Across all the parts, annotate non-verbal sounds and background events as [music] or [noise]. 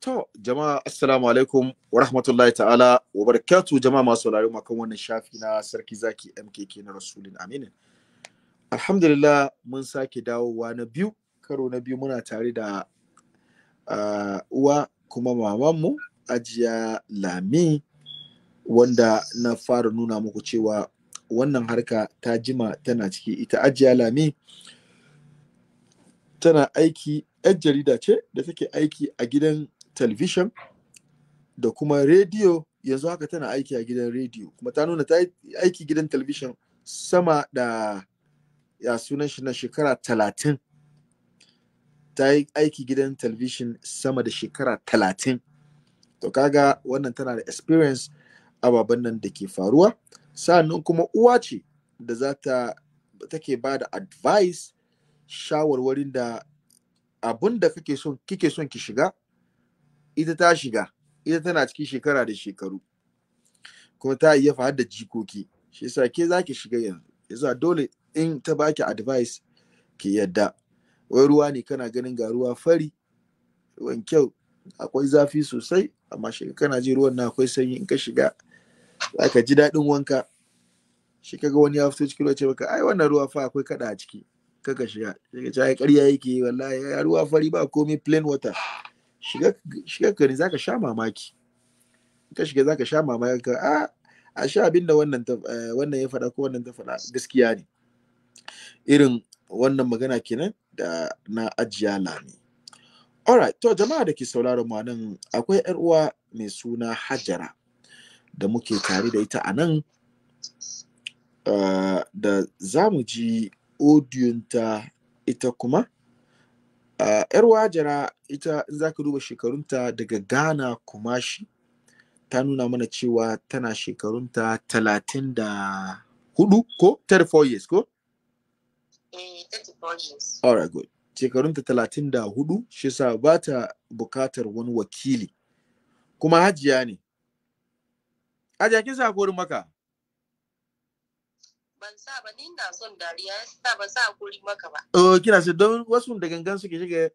To, jama'a assalamu alaikum wa rahmatullahi ta'ala wa barakatu jama'a masu sauraro makan wannan shafi na sarki zaki MKK na Rasulun Aminin. Alhamdulillah mun sake dawowa na biyu, karo na biyu muna tare da uwa kuma mamanmu ajiya lami wanda na fara nuna muku cewa wannan harka ta jima tana ciki ita ajiya lami tana aiki 'yan jarida ce da take aiki a gidan television da kuma rediyo yanzu haka tana aiki a gidan rediyo kuma ta nuna ta aiki gidan television sama da ya sunan shi na shekara talatin ta yi aiki gidan television sama da shekara talatin to kaga wannan tana da experience ababen nan da ke faruwa sa'annan kuma uwa ce da za ta take ba da advice shawarwarin da abun da kike son ki shiga ita ta shiga ita tana cikin shekara da shekaru kuma ta iya fa da jikoki shi yasa ke ki shiga yanzu yasa dole in ta baki advice ki yadda wai ruwa ne kana ganin ga ruwa fari ruwan kyau akwai zafi sosai amma shiga kana ji ruwan na akwai sanyi in ka shiga Za ka ji daɗin wanka shi kaga wani ya fito cikin ruwa ce maka ai wannan ruwa fa akwai kada a ciki kaka shiga daga ka karya ai ƙarya yake wallahi ruwa fari ba komai plain water shiga gari za ka sha mamaki ka shiga za ka sha mamaki ka a ah, a sha abin da eh, wannan ya faɗa ko wannan ta faɗa gaskiya ne irin wannan magana kenan da na ajiya lami alright to jama'a da ke sauraron mu nan akwai yar uwa mai suna hajara da muke tare da ita anan nan eh, da za mu ji odiyonta ita kuma Uh, ‘Yar Hajara ita in za ka duba shekarunta daga Ghana Kumashi ta nuna mana cewa tana shekarunta talatin da hudu ko? 34 years ko? Eh, 34 years. All right, good. Shekarunta talatin da hudu shi sa ba ta bukatar wani wakili. Kuma hajiya ne. Hajiya kin sa korin maka? ban sa ba ni na son dariya ya sa ba sa kuri maka ba oh kina sai don wasu da gangan suke shiga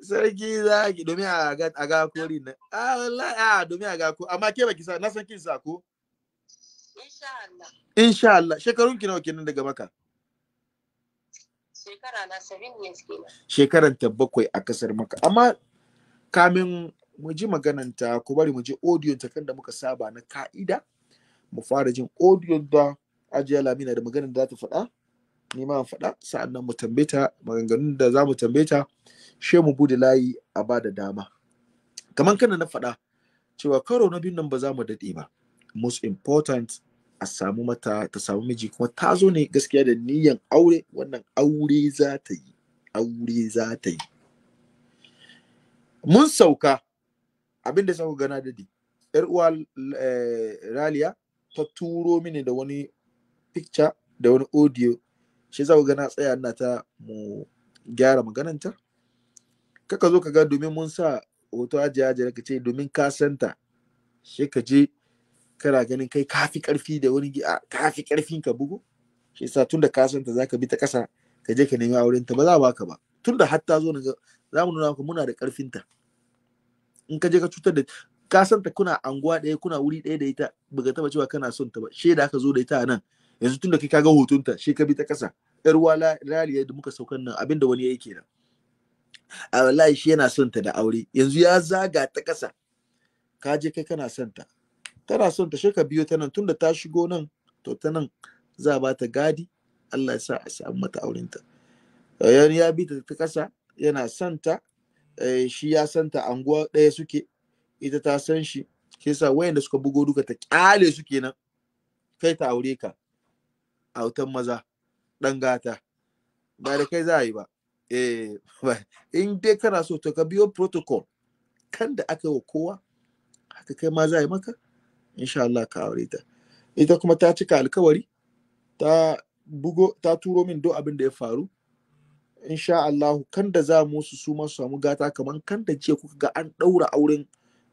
sarki za ki domin a ga a ga kori na ah wallahi ah domin a ga ko amma ke baki sa na san kin sa ko insha Allah insha Allah shekarun ki nawa kenan daga maka shekara na 7 years kenan shekaran ta bakwai a kasar maka amma kamin mu ji ta ku bari mu ji audio ta kan da muka saba na ka'ida mu fara jin audio da ajiya lamina da maganin da za ta faɗa ni ma faɗa sa'annan mu tambayeta. maganganun da za mu tambayeta ta she mu bude layi a ba da dama kamar kana na faɗa cewa karo na biyun nan ba za mu daɗe ba most important a samu mata ta samu miji kuma ta zo ne gaskiya da niyan aure wannan aure za ta yi aure za ta yi mun sauka abin da sauka gana da di yar uwa eh, raliya ta turo mini da wani picture da wani audio shi za ku ga na tsaya ina ta mu gyara magananta kaka zo ka ga domin mun sa hoto ajiye ajiye ka ce domin ka santa shi ka je kana ganin kai kafi karfi da wani a kafi karfin ka bugu shi sa tun da ka santa ka bi ta kasa ka je ka nemi auren ta ba za baka ba tun da har na zo za mu nuna maka muna da karfin in ka je ka cutar da ka santa kuna anguwa ɗaya kuna wuri ɗaya da ita baka taba cewa kana son ta ba she da aka zo da ita nan yanzu tun da kai kaga hotonta shi ka bi ta kasa yar uwa raliya da muka saukan nan abinda wani yake kenan a wallahi shi yana son ta da aure yanzu ya zaga ta kasa ka je kai kana son ta kana son ta shi ka biyo ta nan da ta shigo nan to ta nan za ba ta gadi Allah ya sa a samu mata aurenta yani ya bi ta ta kasa yana son ta eh, shi ya san ta anguwa ɗaya suke ita ta san shi shi sa wayanda suka bugo duka ta kyale su kenan kai ta aure ka autan maza ɗan gata ba da kai za a yi ba eh in dai kana so to ka biyo protocol kan da aka wa kowa haka kai ma za a yi maka insha Allah ka aure ta ita kuma ta cika alkawari ta bugo ta turo min duk abin da ya faru insha Allah kan da za mu su su ma su samu gata kaman kan da jiya kuka ga an ɗaura auren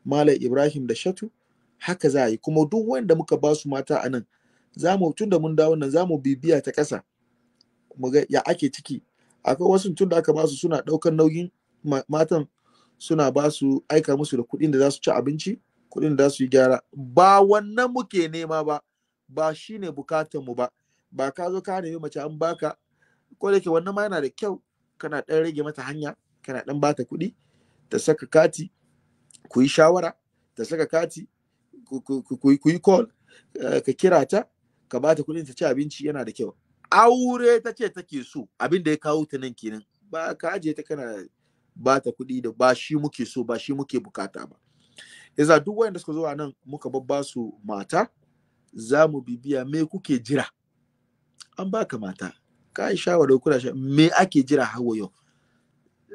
Malam Ibrahim da Shatu haka za a yi kuma duk wanda muka ba su mata a nan zamu tun da mun dawo nan zamu bibiya ta ƙasa mu ga ya ake ciki akwai wasu tun da aka ba su suna ɗaukar nauyin matan suna ba su aika musu da kuɗin da za su ci abinci kuɗin da za su yi gyara ba wannan muke nema ba ba shine bukatan mu ba ba ka zo ka nemi mace an baka ko da yake wannan ma yana da kyau kana ɗan rage mata hanya kana ɗan bata kuɗi ta saka kati ku yi shawara ta saka kati ku yi call eh, ka kira ta ka ba ta kuɗin ta ci abinci yana da kyau aure ta ce take so abin da ya kawo ta nan kenan ba ka aje ta kana ba ta kuɗi da ba shi muke so ba shi muke bukata ba yasa duk wanda suka zo a nan muka babba su mata za mu bibiya me kuke jira an baka mata ka yi shawarar kuna me ake jira hawa yau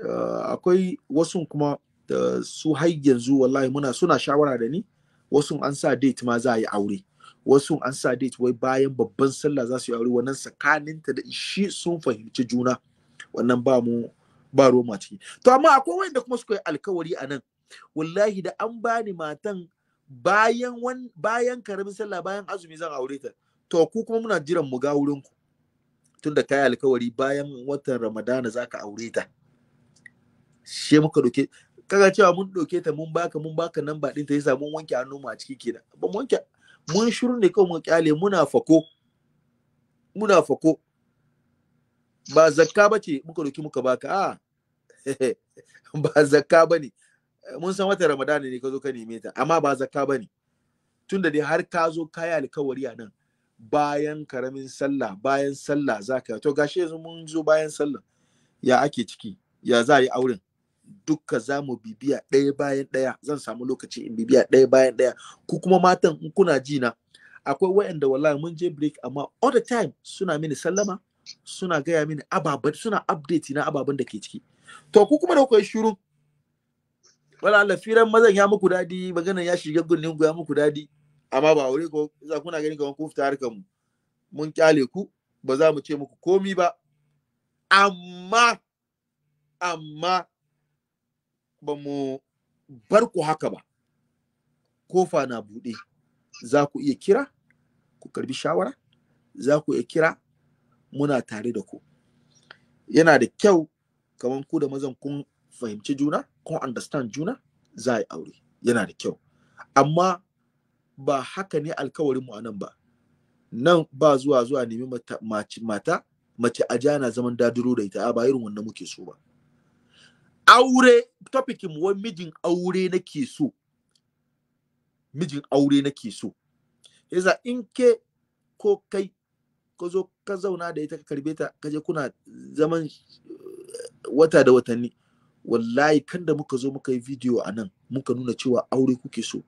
ah, akwai wasu kuma da su har yanzu wallahi muna suna shawara da ni wasu an sa date ma za a yi aure wasu an sa date wai bayan babban sallah za su yi aure wannan tsakaninta da shi sun fahimci juna wannan ba mu ba roma ciki to amma akwai wanda kuma suka yi alkawari a nan wallahi da an bani matan bayan wan, bayan karamin sallah bayan azumi zan aure ta to ku kuma muna jiran mu ga wurin ku tunda kai alkawari bayan watan ramadana zaka aure ta she muka doke kaga cewa mun doke ta mun baka mun baka nan ba din ta yasa mun wanke hannu mu a ciki kenan ban wanke mun shiru ne kawai mun kyale muna fako muna fako ba zakka ba ce muka doki muka baka a [laughs] ba zakka ba mun san wata Ramadan ne ka zo ka neme ta amma ba zakka ba ne tun da dai har ka zo ka alkawari a nan bayan karamin sallah bayan sallah za ka to gashi yanzu mun zo bayan sallah ya ake ciki ya za a yi auren duka za mu bibiya ɗaya bayan ɗaya zan samu lokaci in bibiya ɗaya bayan ɗaya ku kuma matan in kuna jina. akwai wayanda wallahi mun je break amma all the time suna mini sallama suna gaya mini ababen suna update na ababen da ke ciki to ku kuma da kuka yi shiru wala Allah firan mazan ya muku dadi maganan ya shiga gullin ku ya muku dadi amma ba aure ko za kuna gani kamar kun fita harkar mu mun kyale ku ba za mu ce muku komi ba amma amma ba mu bar ku haka ba kofa na buɗe za ku iya kira ku karbi shawara za ku iya kira muna tare da ku yana da kyau kamar ku da mazan kun fahimci juna kun understand juna za a yi aure yana da kyau amma ba haka ne alkawarin mu anan ba nan ba zuwa zuwa nemi mata mace a jana zaman daduro da ita ba irin wannan muke so ba aure topikin wai mijin aure nake so mijin aure nake so yasa in ke ko kai ka zo ka zauna da ita ka karbe ta ka je kuna zaman eh, wata da watanni wallahi kan da muka zo muka yi video anan muka nuna cewa aure kuke so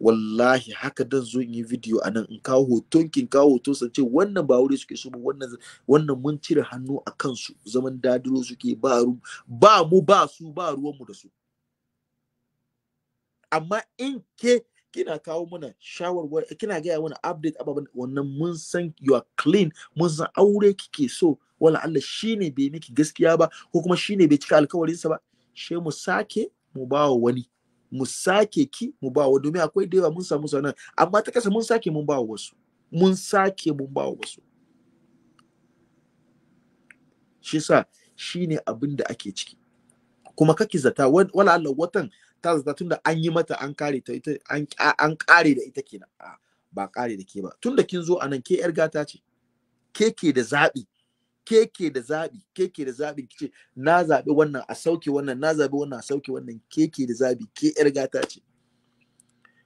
wallahi haka dan zo in yi video anan, nan in kawo hoton kin kawo hoton san ce wannan ba wuri suke so ba wannan wannan mun cire hannu a kansu zaman dadiro suke ba ru ba mu ba su ba ruwan mu da su amma in ke kina kawo mana shawar kina gaya mana update ababan wannan mun san you are clean mun san aure kike so wala Allah shine bai miki gaskiya ba ko kuma shine bai cika alkawarinsa ba she mu sake mu ba wa wani mu sake ki mu ba wa domin akwai da yawa mun samu sanan amma ta kasa mun sake mun ba wa wasu mun sake mun ba wa wasu shi sa shine abin da ake ciki kuma kaki zata wala Allah watan ta zata tunda an yi mata an kare ta ita an kare da ita kenan ba kare da ke ba tunda kin zo anan ke yar gata ce ke ke da zabi keke da zaɓi keke da zaɓi kice na zaɓi wannan a sauke wannan na zaɓi wannan a sauke wannan keke da zaɓi ke yar gata ce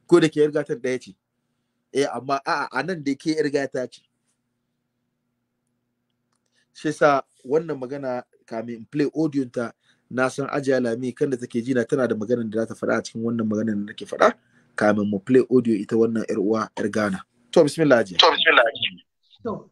ko da ke yar gatar ɗaya ce eh amma a'a a nan da ke yar gata ce shi sa wannan magana kamin in play audio ta na san ajiya lami kan da take jina tana da maganar da za ta faɗa a cikin wannan maganar da nake faɗa kamin mu play audio ita wannan yar uwa yar gana. to bismillah ajiya to bismillah ajiya to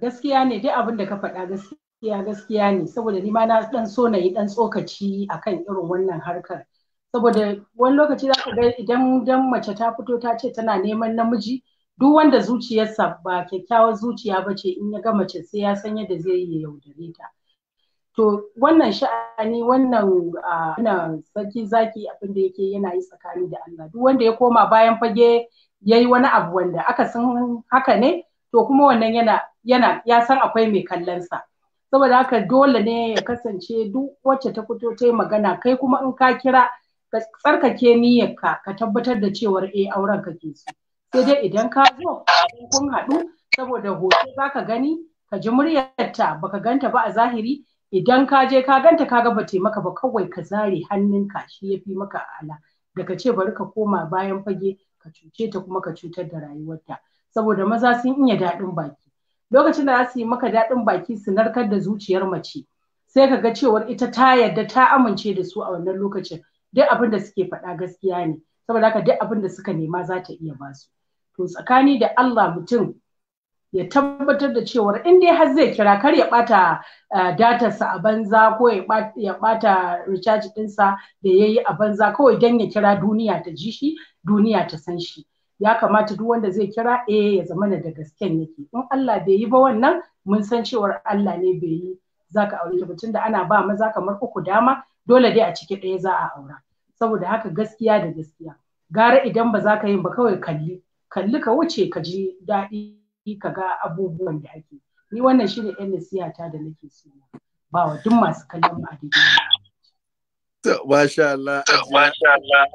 gaskiya ne dai abin da ka faɗa gaskiya gaskiya ne saboda ni ma na dan so na yi dan tsokaci akan irin wannan harkar saboda wani lokaci za ka ga idan dan mace ta fito ta ce tana neman namiji duk wanda zuciyarsa ba kyakkyawar zuciya ba ce in ya ga mace sai ya san yadda zai yi yaudare ta to wannan sha'ani wannan ina sarki zaki abin da yake yana yi tsakani da Allah duk wanda ya koma bayan fage yayi wani abu wanda aka san haka ne to kuma wannan yana yana ya san akwai mai kallon sa saboda haka dole ne ya kasance duk wacce ta fito ta yi magana kai kuma in ka kira ka tsarkake niyyarka ka tabbatar da cewar eh auren ka ke so sai dai idan ka zo kun haɗu saboda hoto zaka gani ka ji muryarta baka ganta ba a zahiri idan ka je ka ganta ka ga bata maka ba kawai ka zare hannunka shi ya fi maka ala da ka ce bari ka koma bayan fage ka cuce ta kuma ka cutar da rayuwarta saboda maza sun iya daɗin baki lokacin da za su yi maka daɗin baki su narkar da zuciyar mace sai ka ga cewar ita ta yarda ta amince da su a wannan lokacin duk abin da suke faɗa gaskiya ne saboda haka duk abin da suka nema za ta iya ba su to tsakani da Allah mutum ya tabbatar da cewar in dai har zai kira kar ya bata eh, datarsa a banza ko ya bata recharge ɗinsa da ya yi a banza kawai don ya kira duniya ta ji shi duniya ta san shi ya kamata duk wanda zai kira eh ya zama na da gasken yake in Allah bai yi ba wannan mun san cewar Allah ne bai yi zaka aure ba da ana ba maza kamar uku dama dole dai a ciki ɗaya za a aura saboda haka gaskiya da gaskiya gara idan ba za ka yi ba kawai kalli kalli ka wuce ka ji daɗi ka ga abubuwan da ake ni wannan shi ne yan nasihata da nake so ba wa duk masu kallon ba a Masha Allah. Masha Allah.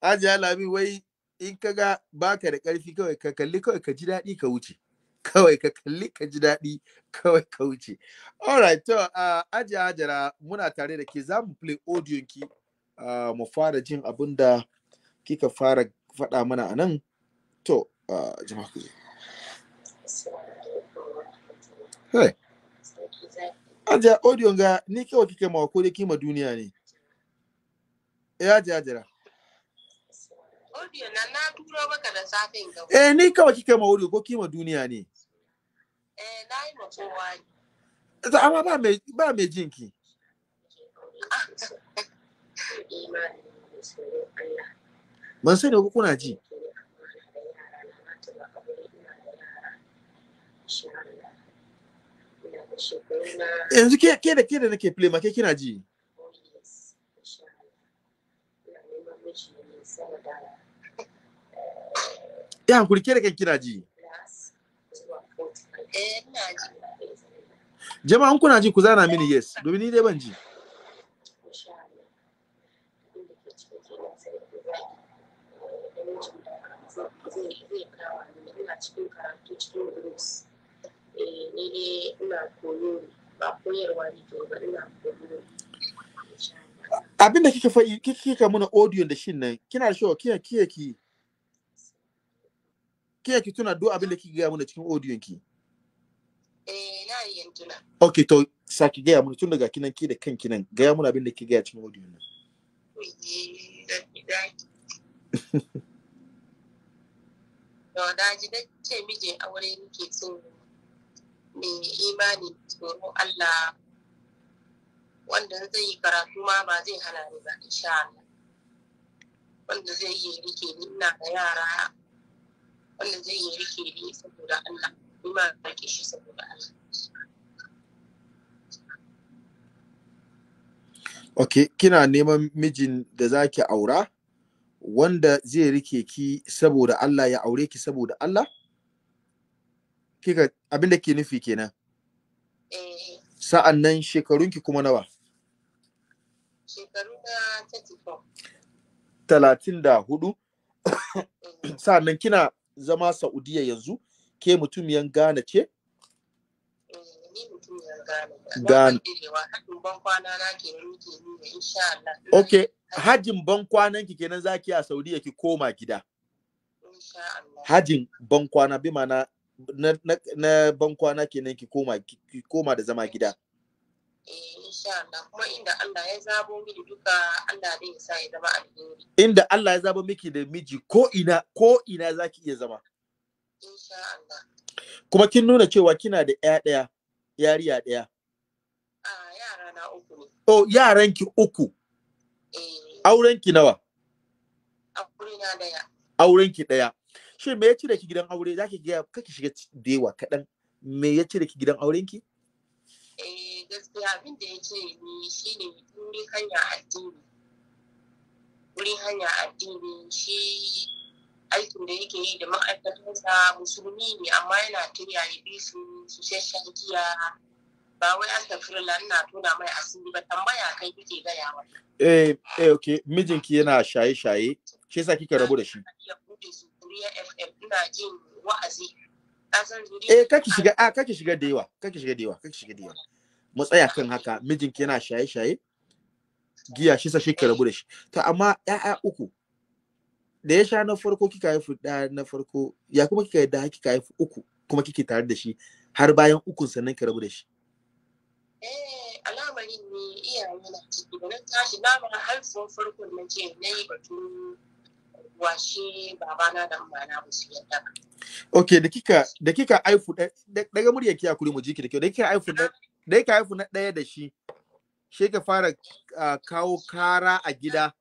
ajiya lami wai in ka ga ka da ƙarfi kawai ka kalli kawai ka ji daɗi ka wuce [laughs] kawai ka kalli ka ji daɗi kawai ka wuce alright to uh, ajiya hajara muna tare da ke za mu play audio ki uh, mu fara jin abin da kika fara faɗa mana a nan to uh, jama'a ku hey. ajiya audio ga ni kawai kike ma ko dai kima duniya ne eh ajiya hajara audio na Eh ni kawai kika ma ko kima duniya ne. Eh na ma ba mai ba me jinki. Ban sani ko kuna ji. Yanzu ke da ke da nake play ma ke kina ji. Ya hankuri ke da kai kina ji. Jama'an kuna ji ku zana mini yes, domin ni dai ban ji. ke abin da kika faɗi kika muna audio da shin nan kina da shi kiyaki kiyaki kiya ki tuna duk abin da kike gaya mana cikin audion ki eh na yin tuna okay to saki gaya mana tun daga kinan ki da kanki nan gaya mana abin da kike gaya cikin audion nan Yau da ji da ce miji aure nake so mai imani tsoro Allah wanda zai yi karatu ma ba zai hana ni ba insha Allah wanda zai yi rike ni ina da yara wannan zai yi rike ni saboda Allah kuma rike shi saboda Allah Ok, kina neman mijin da zaki aura wanda zai rike ki saboda Allah ya aure ki saboda Allah? Kika abinda ke nufi kenan. Eh. Sa'an nan shekarunki kuma nawa? Shekaru na 34. Talatin da hudu? Eh. Sa'an nan kina zama Saudiya yanzu ke mutumiyan Ghana ce? Ghana. Ok, hajin ban ki kenan zaki a Saudiya ki koma gida. Hajin ban kwana bi mana na, na, ban kwana kenan ki koma ki koma da zama gida. Eh, inda Allah ya zabo miki da miji ko ina ko ina zaki iya zama insha Allah kuma kin nuna cewa kina da ɗaya ɗaya yariya ɗaya yara na uku ne oh yaran ki uku eh auren ki nawa aure na ɗaya auren ki ɗaya shin me ya cire ki gidan aure zaki ga kake shiga da yawa kaɗan me ya cire ki gidan auren ki eh gaskiya abin da ya ce ni ne wurin hanya addini wurin hanya addini shi aikin da yake yi da ma'aikatansa musulmi ne amma yana ta ya bi su su shashan giya ba wai an tafi astagfirullah ina tona mai asiri ba tambaya kai kike gaya wa. eh eh okay mijinki yana shaye shaye shi yasa kika rabu da shi ina jin wa'azi Eh, kaki shiga, a ah, kaki shiga da yawa, kaki shiga da yawa, kaki shiga da yawa. mu tsaya kan haka mijinki yana shaye-shaye giya shi sa shi ka rabu da shi to amma ƴaƴa uku da ya sha na farko kika haifu ɗaya na farko ya kuma kika yadda kika haifu uku kuma kike tare da shi har bayan ukun sannan ka rabu da shi eh al'amarin ne iyaye na ciki da tashi na ma haifuwar farko na ce na yi batun washe babana da mana ba su yadda ba okay da kika da kika haifu daga muryar kiya kuri mu jiki da kyau da kika haifu da ka haifu na ɗaya da shi shi ka fara kawo kara a gida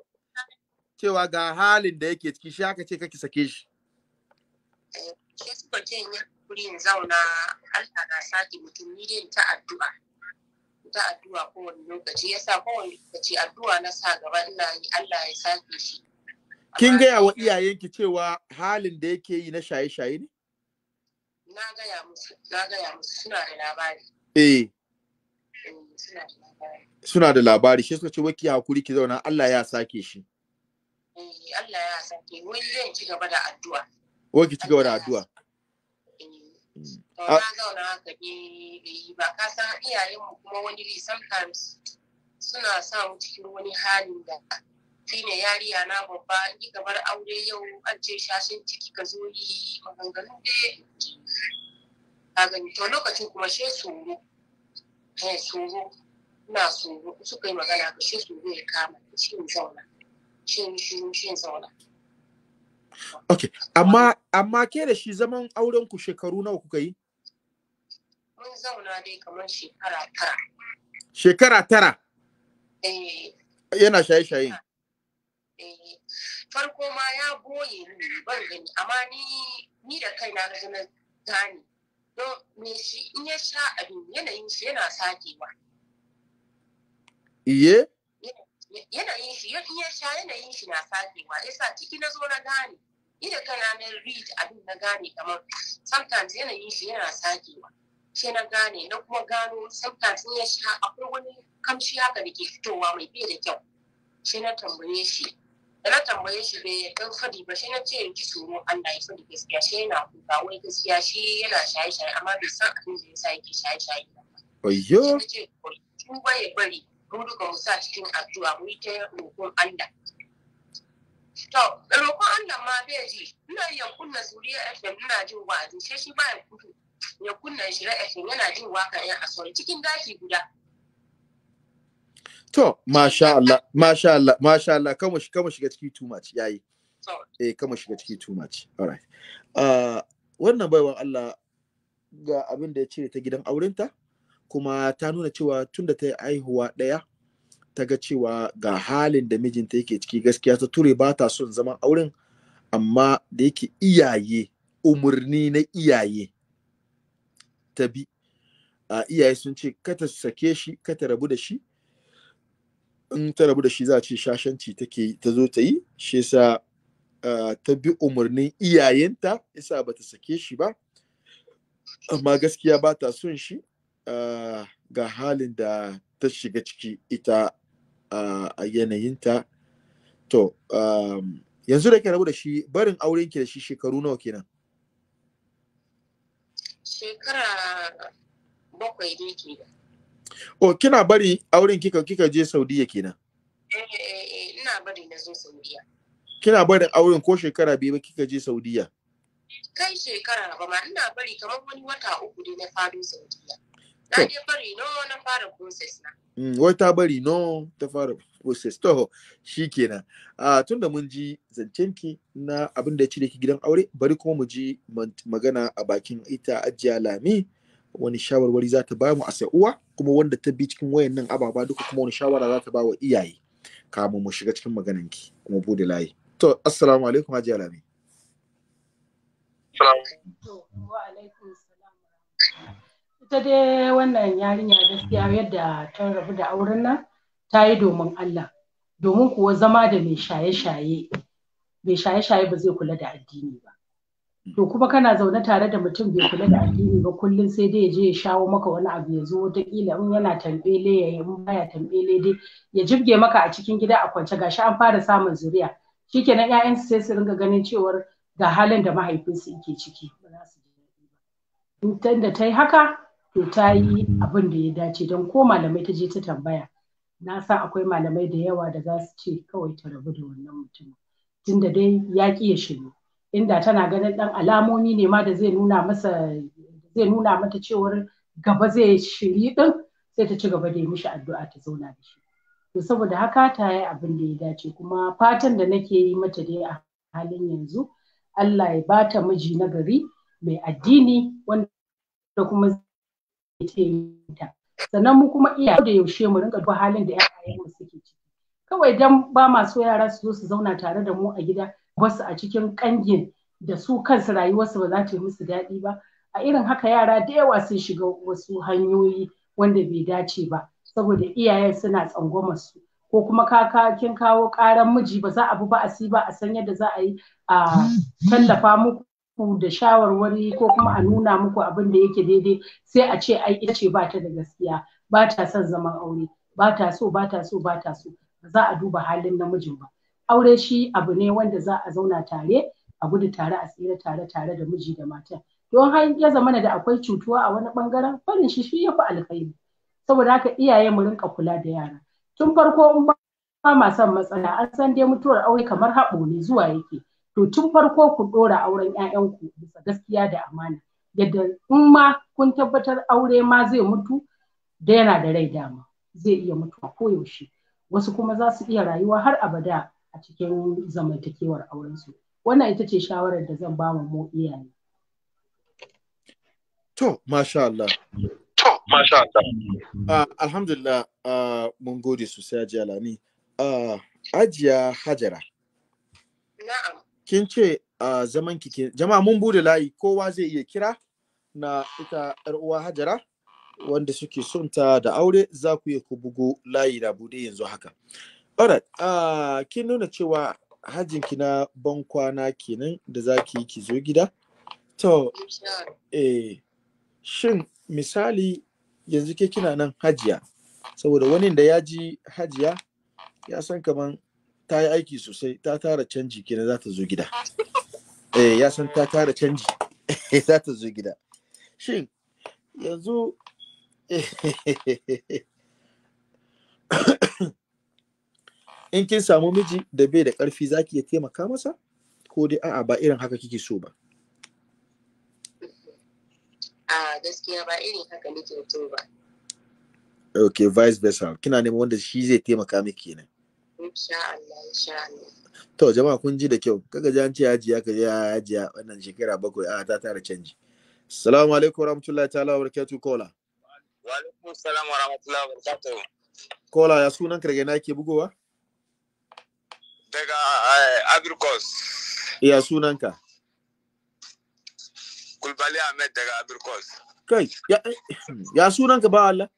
cewa ga halin da yake ciki shi aka ce kake sake shi sai suka je yi hakuri in zauna Allah na sake mutum ni dai ta addu'a ta addu'a kowane lokaci yasa kowane lokaci addu'a na sa gaba ina yi Allah ya sake shi kin gaya wa iyayenki cewa halin da yake yi na shaye-shaye ne na gaya musu na gaya musu suna da labari eh suna da labari shi suka ce wai ki hakuri ki zauna Allah ya sake shi eh, Allah ya sake wai zan ci gaba da addu'a wai ki ci gaba da addu'a eh, mm. na zauna haka ne ba ka san iyayenmu kuma wani bi sometimes suna sa mu cikin wani halin da shine yariya na babba ki gabar aure yau an ce shashin ciki ka zo yi maganganun da ka gani to lokacin kuma she tsoro mai eh, tsoro ina tsoro suka yi magana ka shi su ya kama shi in zauna shi in shi shi in zauna ok amma amma ke da shi zaman auren ku shekaru nawa kuka yi mun zauna dai kamar shekara tara shekara tara eh yana shaye-shaye eh, farko ma ya goye ni ban gani amma ni ni da kaina ga zama tani. don me shi in ya sha yanayin shi yana sakewa iye yanayin shi ya sha yanayin shi na sakewa yasa ciki na zo na gane ida kana na read abin na gane kamar sometimes yanayin shi yana sakewa shi na gane na kuma gano sometimes in ya sha akwai wani kamshi haka da ke fitowa mai bai da kyau shi na tambaye shi da na tambaye shi bai dan fadi ba shi na ce yanki tsoro Allah ya fadi gaskiya shi yana kuka wai gaskiya shi yana shaye shaye amma bai san abin da ya sa yake shaye shaye ba ayyo ce ba ya bari mu duka mu sa cikin addu'a mu yi ta roƙon Allah to roƙon Allah ma bai ji ina iya kunna zuriya FM ina jin wa'azi sai shi ba ya kudu ya kunna shira FM yana jin waka yan asori cikin daki guda To, masha Allah, masha Allah, masha Allah, kama shiga ciki too much yayi. Eh, kama shiga ciki too much. right. Uh, ah, wannan baiwan Allah ga abin da ya cire ta gidan aurenta kuma ta nuna cewa tunda ta yi aihuwa ɗaya ta ga cewa ga halin da mijinta yake ciki gaskiya ta ture ba ta son zaman auren amma da yake iyaye umarni na iyaye ta bi ah, iyaye sun ce kata sake shi kata rabu da shi in ta rabu da shi za a ce shashanci take ta zo ta yi shi yasa ta bi umarnin iyayenta yasa ba ta sake shi ba amma gaskiya ba ta son shi ga halin da ta shiga ciki ita a yanayinta to yanzu da ke rabu da shi barin auren ki da shi shekaru nawa kenan shekara bakwai ne ke oh kina bari auren kika kika je saudiya kenan eh eh, eh, eh ina bari na zo saudiya kina barin auren ko shekara biyu ba kika je saudiya kai shekara ba ma ina bari kamar wani wata uku ne na fado saudiya na je bari no na fara process na mm, wai ta bari no ta fara process to shi kenan uh, tunda mun ji zancenki na abin da ya cire ki gidan aure bari kuma mu ji magana a bakin ita ajiya lami wani shawarwari za ta bamu a sai uwa kuma wanda ta bi cikin wayannan ababa duka kuma wani shawara za ta bawa iyaye kamu mu shiga cikin maganan ki kuma bude layi to assalamu alaikum haji alami ita dai wannan yarinya gaskiya yadda ta rabu da auren nan ta yi domin Allah domin kuwa zama da mai shaye-shaye mai shaye-shaye ba zai kula da addini ba Mm. to kuma kana zaune tare da mutum bai kula da addini ba kullum sai dai ya je ya shawo maka wani abu ya zo wataƙila in yana tambele ya yi baya tambele dai ya jibge maka a cikin gida a kwance gashi an fara samun zuriya shikenan ƴaƴan su sai su ringa ganin cewar ga halin da mahaifinsu yake ciki ba da ta yi haka to ta yi mm. abin da ya dace don ko malamai ta je ta tambaya na san akwai malamai da yawa da za su ce kawai ta rabu da wannan mutumin tunda dai ya ƙi ya shiru inda tana ganin ɗan alamomi ne ma da zai nuna masa zai nuna mata cewar gaba zai shiri din sai ta ci gaba da yi mishi addu'a ta zauna da shi to saboda haka ta yi abin da ya dace kuma fatan da nake yi mata dai a halin yanzu Allah ya bata miji na gari mai addini wanda kuma zai ta sannan mu kuma iya da yaushe mu rinka duba halin da ƴaƴayen mu suke ciki kawai dan ba ma so yara su zo su zauna tare da mu a gida basu a cikin ƙangin da su kansu rayuwarsu ba za ta yi musu daɗi ba a irin haka yara da yawa sun shiga wasu hanyoyi wanda bai dace ba saboda iyaye suna tsangwama su ko kuma kaka kin kawo karan miji ba za a bi ba a si ba a san yadda za a yi a tallafa muku da shawarwari ko kuma a nuna muku abin da yake daidai sai a ce ai ita ce ba ta da gaskiya ba ta son zaman aure ba ta so ba ta so ba ta so ba za a duba halin namijin ba aure shi abu ne wanda za a zauna tare a gudu tare a tsira tare tare da miji da mata don har ya zama da akwai cutuwa a wani bangaren farin shi shi ya fi alkhairi saboda haka iyaye mu rinka kula da yara tun farko in ba ma son matsala an san dai mutuwar aure kamar haɓo ne zuwa yake to tun farko ku ɗora auren 'ya'yanku bisa gaskiya da amana yadda in ma kun tabbatar aure ma zai mutu da yana da rai dama zai iya mutuwa koyaushe wasu kuma za su iya rayuwa har abada a cikin zamantakewar aurensu wannan ita ce shawarar da zan ba mu iyaye to masha Allah to masha Allah uh, alhamdulillah uh, mun gode sosai ajiya lami uh, ah, ajiya hajara na'am kin ce a zaman kike jama'a mun bude layi kowa zai iya kira na ita yar uwa hajara wanda suke son ta da aure za ku iya ku bugu layi da bude yanzu haka Alright, uh, kin nuna cewa hajjinki na ban kwana kenan da za ki yi ki zo gida? To, eh, shin misali yanzu ke kina nan hajiya, saboda wani da ya ji hajiya ya san kaman ta yi aiki sosai ta tara canji kina za ta zo gida. Eh, ya san ta tara canji [laughs] za ta zo gida. Shin yanzu eh, [laughs] in kin samu miji da bai da ƙarfi za ki iya taimaka masa ko dai a'a ba irin haka kike so ba a gaskiya ba irin haka nake so ba okay vice versa kina neman wanda shi zai taimaka miki ne? insha Allah insha Allah to jama'a kun ji da kyau kaga ji an ce hajiya ka je hajiya wannan shekara bakwai a ta tara canji assalamu alaikum warahmatullahi ta'ala wa barakatuh kola wa alaikum assalam wa rahmatullahi wa barakatuh kola ya sunan ka daga ina ke bugowa daga eh, Abirkos. Iya sunanka. Kulbali Ahmed daga Abirkos. Kai, ya sunanka ba Allah?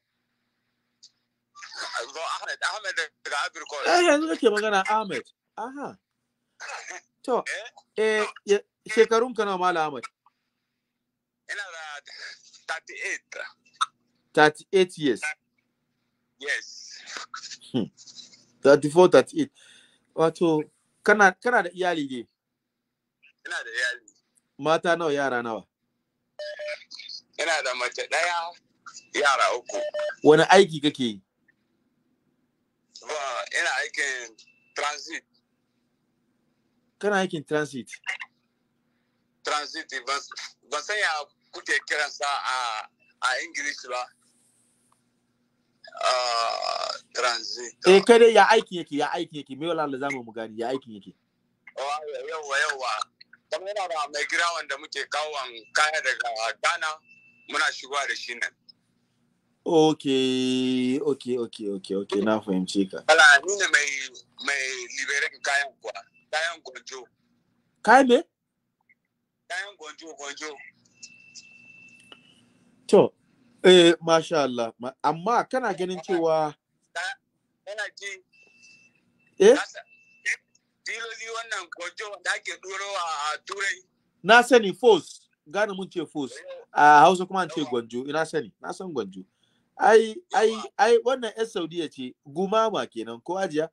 Ahmed, Ahmed daga Abirkos. Eh, yanzu magana Ahmed. Aha. [laughs] To, eh, eh, eh. shekarun kana Mala Ahmed? Ina da 38. 38 years. Yes. 34, hmm. 38. Wato, kana, kana da iyali ne? Ina da iyali. Mata nawa yara nawa? Ina da mace ɗaya yara uku. Wani aiki kake yi? Ba, ina aikin transit. Kana aikin transit? Transit, ban san ya kuke kiransa a, a English ba. Ah, eh kai dai ya aikin yake ya aikin yake me wala zamu mu gani ya aikin yake. Yawwa yawwa kamar yana da mai gira wanda muke kawo kaya daga Ghana muna shigowa da shi nan. Ok, ok, ok, ok, okay, na fahimci ka. Ala ni ne mai mai liberin kayan kuwa, kayan gonjo. Kayan me? Kayan gonjo, gonjo. To, Eh, masha Allah. Amma kana ganin cewa. Yana ji. Eh? Diloli wannan gojo da ake ɗorowa a Turai. Na sani fos. Gane mun ce fos. Eh. A Hausa kuma an ce gwanjo. Ina sani. Na san gwanjo. Ai, ai, ai, wannan 'yan Saudiya ce gumama kenan ko ajiya?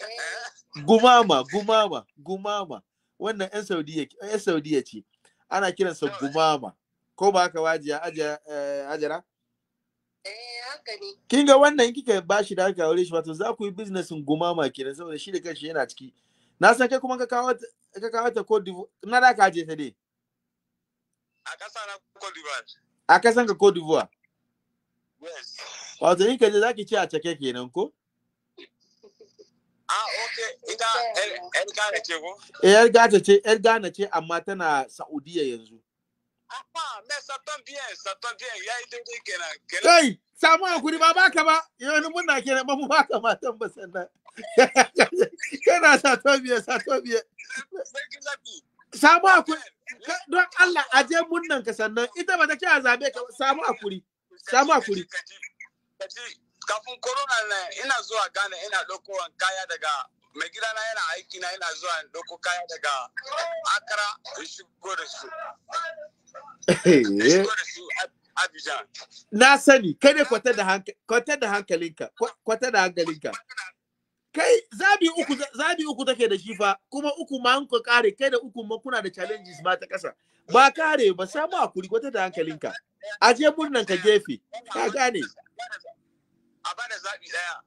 Eh. Gumama, gumama, gumama. Wannan 'yan Saudiya ce. Ana kiransa gumama. ko ba haka wajiya ajira? Eh, eh haka ne. Kin ga wannan kika ba shi da haka aure shi wato za ku yi businessin gumama kenan saboda shi da kanshi yana ciki. Na san kai kuma ka kawo ka kawo ta Cote d'Ivoire na da ka je ta dai. A kasa na Cote d'Ivoire. A kasan ka Cote d'Ivoire. Yes. Wato in ka je zaki ci a cake kenan ko? Ah, okay. Ita 'yar gane ce ko? 'Yar eh, Ghana ce, 'yar gane ce amma tana Saudiya yanzu. mai sattan biyan sattan biyan ya yi samu hakuri ba baka ba, yawani muna kenan ba mu baka ba Kana Samu hakuri. Don Allah a je munnan ka sannan ita ba ta ce a zabe ka samu hakuri. Samu hakuri. Kafin corona na ina zuwa Ghana ina kaya daga mai gida na yana aiki na yana zuwa ɗauko kaya daga Accra in shigo da su. Eh. Na sani, kai ne kwatar da hankalinka, kwatar da hankalinka. Kai zabi uku zabi uku take da shi fa, kuma uku ma an kare, kai da uku ma kuna da challenges ma ta ƙasa, Ba kare ba samu hakuri kwatar da hankalinka. je murnan ka gefe, ka gane. A bada zabi daya.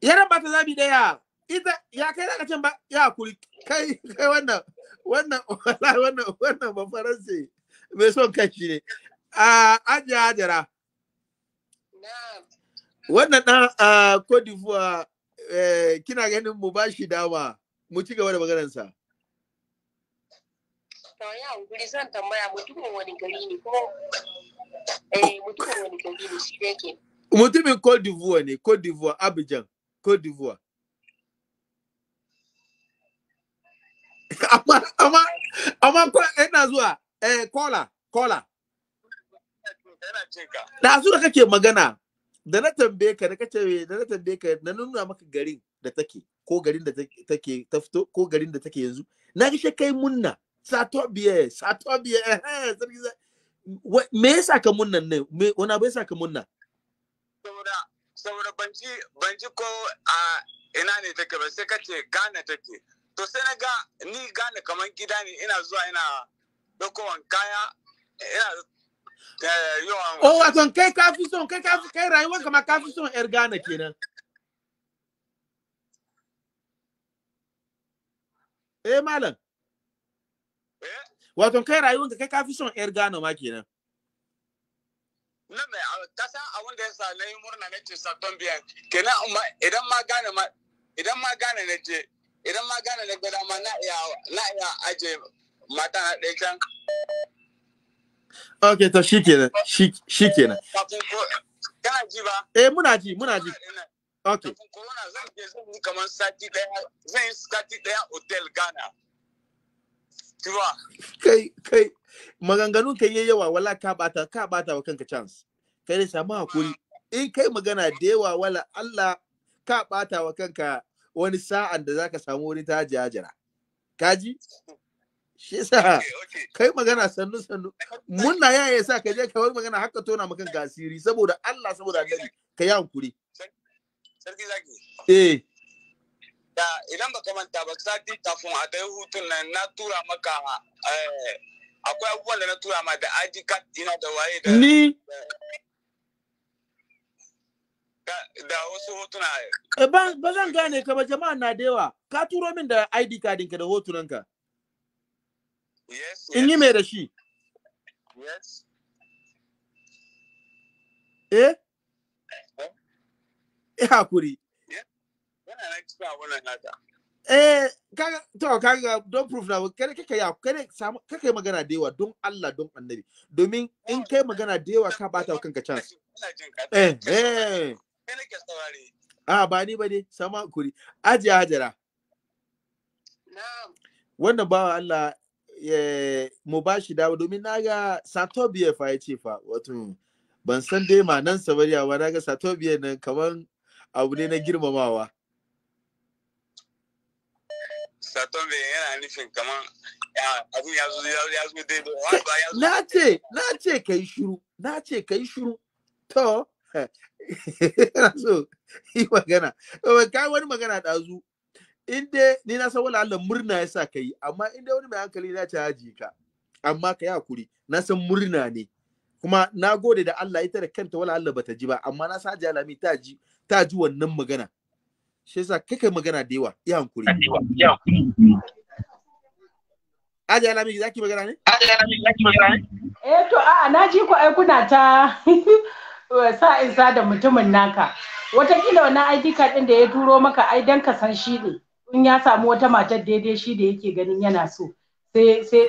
Yaran ba ta zabi ɗaya, Ita ya kai da can ba ya hakuri. Kai kai wannan wannan [laughs] wannan wannan ba faransa. mai son kaci ne a ajiya wannan na a cote d'ivoire eh, kina gani mu ba shi dama mu ci gaba da maganarsa mutumin ne eh, cote d'ivoire ne cote d'ivoire abidjan cote d'ivoire [laughs] amma ina zuwa eh kola kola da su da kake magana da na tambaye ka da kace da na tambaye ka na nuna maka garin da take ko garin da take ta fito ko garin da take yanzu na ga kai munna sato biye sato biye eh, eh sarki me yasa ka munna ne me wani abu yasa ka munna saboda saboda banji banji ko a ina ne take ba sai kace Ghana take to sai na ga ni Ghana kaman gida ne ina zuwa ina ɗaukowan kaya yana yawan oh wato kai ka fi son kai ka kai rayuwar kama ka fi son yar Ghana kenan eh malam eh? wato kai rayuwar ka kai ka fi son yar Ghana ma kenan na mai kasa a wanda ya sa na yi murna na ce saton biyan kenan idan ma gane ma idan ma gane na je idan ma gane na gada ma na iya na iya aje mata na ɗaya can ok to shi kenan shi kenan kana ji ba eh muna ji muna ji ok corona zan je zan yi kamar sati ɗaya zan yi sati ɗaya hotel ghana kai kai maganganu kai yi yawa wala ka bata ka bata wa kanka chance kai dai samu hakuri in kai magana da yawa wala Allah ka bata wa kanka wani sa'an da za ka samu wani ta jajira kaji shi yasa kai magana sannu sannu munna ya ya sa ka je ka magana haka tona maka gasiri saboda Allah saboda Annabi ka yi hankuri sarki zaki eh da idan baka manta ba sati kafin a dai hutun nan na tura maka eh akwai abubuwan da na tura ma da ID card dina da waye da ni da da wasu hotuna eh, ba zan gane ka ba jama'a na da yawa ka turo min da ID card ka da hotunanka in yi mai da shi eh? eh eh hakuri eh kaga to kaga don proof na kada kake ya kada samu kake magana da yawa don Allah don annabi domin in oh, kai magana da yawa ka bata kanka chance eh eh a ah, ba ni ba ne sama kuri ajiya hajara wannan bawa Allah Eh, mu ba shi dawo domin na ga sato biya fa ya ce fa wato ban san dai ma nan sabariya ba na ga sato biya nan kamar abu ne na girmamawa. Sato biya yana nufin kamar abin ya zo ya zo dai na ce na ce ka yi shiru na ce ka yi to yana [laughs] so yi magana kai wani magana ɗazu in dai ni na san wala Allah murna yasa ka yi amma in dai wani mai hankali na ta haji ka amma ka yi hakuri na san murna ne kuma na gode da Allah ita da kanta wala Allah bata ji ba amma na sa haji alami ta ji ta ji wannan magana shi yasa kai kai magana da yawa ya hankuri Aji alami zaki magana ne? Aji alami zaki magana ne? Eh to a'a na ji ku ai kuna ta [laughs] sa in sa da mutumin naka. Wataƙila wannan ID card ɗin da ya turo maka ai dan ka san shi ne. in ya samu wata matar daidai shi da yake ganin yana so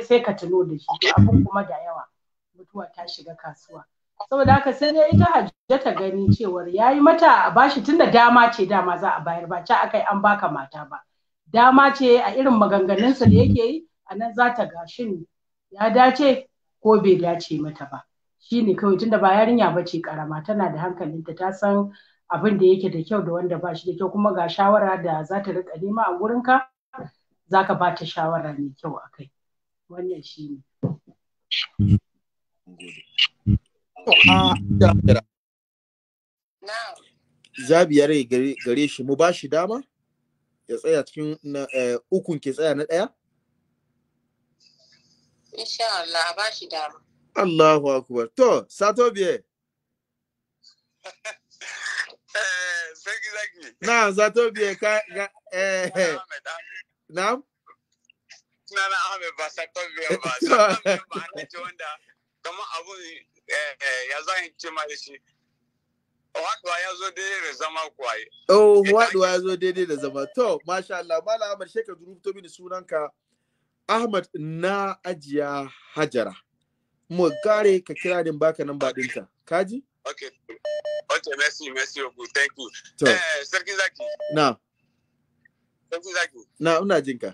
sai ka tuno da shi abin kuma da yawa mutuwa ta shiga kasuwa saboda haka sai dai ita hajja ta gani cewar yayi mata a bashi tunda dama ce dama za a bayar ba ca akai an baka mata ba dama ce a irin maganganunsa da yake yi a nan za ta ga shin ya dace ko bai dace mata ba shi ne kawai tunda ba yarinya ba ce karama tana da hankalinta ta san abin da yake da kyau da wanda ba shi da kyau kuma ga shawara da za ta rika nema a wurinka za ka ba ta shawara mai kyau a kai wannan shi ne rai gare shi mu ba shi dama ya tsaya cikin eh, ukun ke tsaya na ɗaya? Insha Allah ba shi dama. Allahu akubar. To, sato biye. [laughs] Eh, Sarki zaki. Na zato biye eh, ka ga eh. eh. Na? Na na Ahmed ba zato biye ba. [laughs] Zato biye ba na ce kama abun ya zan ce ma da shi. Waduwa ya zo daidai da zama kwaye. Oh, waduwa ya zo daidai da zama. To, masha Allah, Mala Ahmad, shi ka rubuto mini sunanka Ahmad na ajiya Hajara. Mu kare ka kira din baka nan ba Kaji? Ok, ok, merci, merci beaucoup, thank you. So, eh, Serki Zaki. Na. Serki Zaki. Na, ina jinka.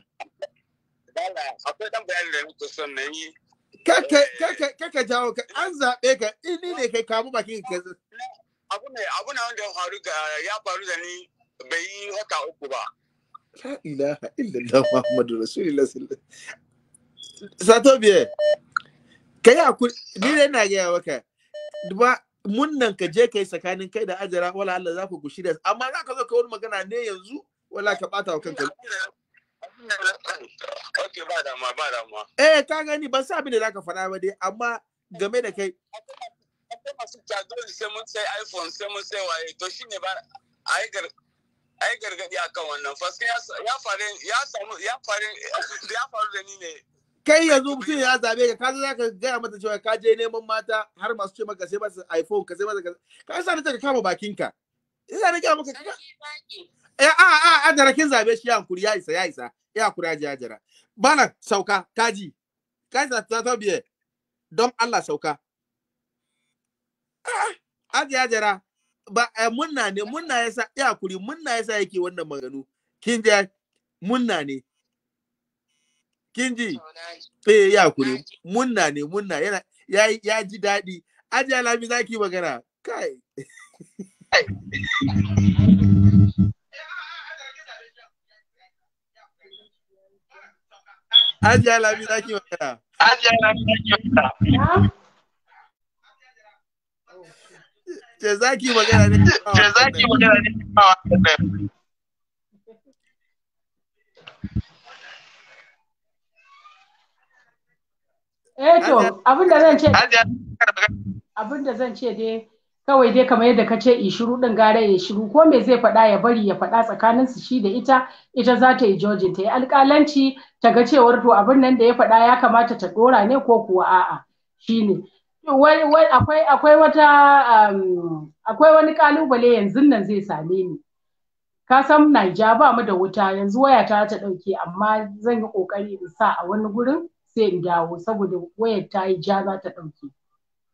Dala, akwai dan bayani da muke son na yi. Kaka eh. jawo ka, an zaɓe ka, ini ne kai kamu bakin ka. Abu ne, abu ne wanda ya faru ga, ya faru da ni bai yi haka uku ba. La ilaha illallah Muhammadu Rasulullah sallallahu alaihi wasallam. Sato biye. Kai akuri ni ne na ga gaya maka. Duba munnan ka je kai tsakanin kai da ajira, wala Allah za ku gushi da amma za ka zo ka wani magana ne yanzu wala ka bata wa kanka Okay, ba ma ba ma. Eh, ka gani ban sa abin da zaka faɗa ba dai, amma game da kai. Akwai masu dole sai mun sai iPhone sai mun sai waye, to shine ba ai gar ai gargadi akan wannan. sai ya faru ya samu ya faru ya faru da ni ne kai yanzu mutum ya zabe ka kaza zaka gaya mata cewa ka je neman mata har masu ce maka sai ba su iPhone ka sai ba ka ka sa ta ka kama bakin ka ina nake maka kaga eh a a a da rakin zabe shi kuri ya isa ya isa ya hakura ji ajira bana sauka kaji kai za ta ta biye don Allah sauka aji ah, ajira ba eh, munna ne munna yasa ya hakuri munna yasa yake wannan maganu kin je munna ne kin ji eh ya kure munna ne munna yana ya ji daɗi aji alami zaki magana kai aji alami zaki magana aji alami zaki magana ce zaki magana ne ce zaki magana ne Eh to, abin da zan ce dai kawai dai kamar yadda ka ce shiru din gara ya shiru ko me zai faɗa ya bari ya faɗa tsakanin su shi da ita ita za ta yi jojin ta yi alƙalanci ta ga cewar to abin nan da ya faɗa ya kamata ta ɗora ne ko kuwa a'a shine wai akwai wata um, akwai wani kalubale yanzu nan zai same ni ka san ja ba mu da wuta yanzu waya ta ta ɗauke amma zan yi ƙoƙari in sa a wani gurin sai in dawo saboda wayar ta yi ja za ta ɗauke.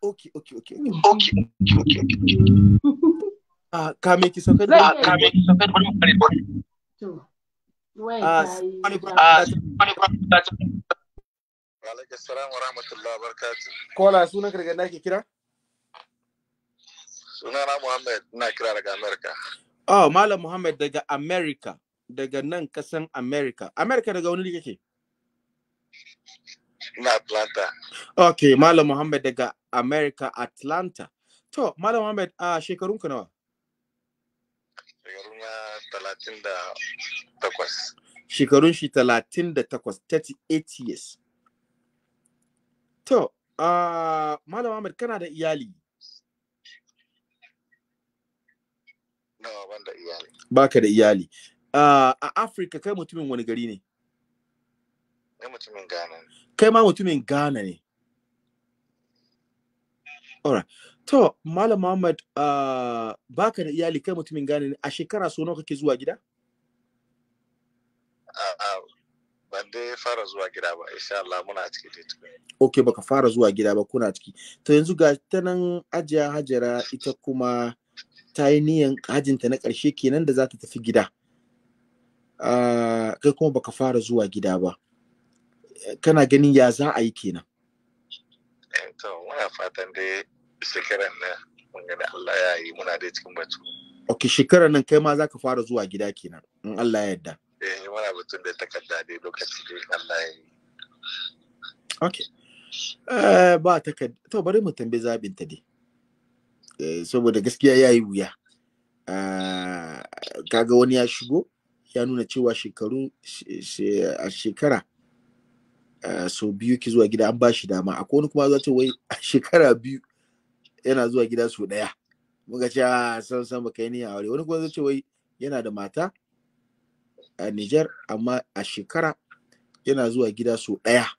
Ok, ok, ok. Hmm. Ok, ok, ah, ok. Kame ki sauka da kame ki sauka da wani kare wani. To, wayar ah, ta yi. Ah, alaikum salam wa rahmatullah wa Kola sunan ka na ke kira? Sunana Muhammad na kira daga Amerika. Oh, Malam Muhammad daga Amerika. Daga nan kasan Amerika. Amerika daga wani ne kake? na Atlanta. Okay, Malam Muhammad daga America Atlanta. To, Malam Muhammad a shekarun ka nawa? Shekarun na talatin da takwas. Shekarun shi talatin da takwas, 38 years. To, uh, Malam Muhammad kana da iyali? No, ban da iyali. Baka da iyali. Uh, a Afirka kai mutumin wani gari ne? Ni mutumin Ghana. kai ma mutumin Ghana ne to malam Muhammad uh, ah, baka da iyali kai mutumin Ghana ne a shekara so nawa kake zuwa gida ah, ban dai fara zuwa gida ba insha Allah muna ciki dai tukun okay baka fara zuwa gida ba kuna ciki to yanzu ga ta nan ajiya hajara ita kuma ta yi niyan hajinta na ƙarshe kenan da za ta tafi gida ah, kai kuma baka fara zuwa gida ba kana ganin ya za a yi kenan eh, to muna fatan dai shekaran nan mun gani Allah ya yi muna dai cikin batu ok shekaran nan kai ma za ka fara zuwa gida kenan in Allah ya yarda eh muna batun da takarda dai lokaci dai Allah ya yi ok uh, ba takarda to bari mu tambaye zaɓin ta dai uh, saboda gaskiya ya yi wuya uh, kaga wani ya shigo ya nuna cewa shekaru a shekara Eh, sau biyu ki zuwa gida an ba shi dama akwai wani kuma za ce wai a shekara biyu yana zuwa gida sau ɗaya muka ce a ah, san san baka yi niyya aure wani kuma za ce wai yana da mata a Nijar amma a shekara yana zuwa gida sau ɗaya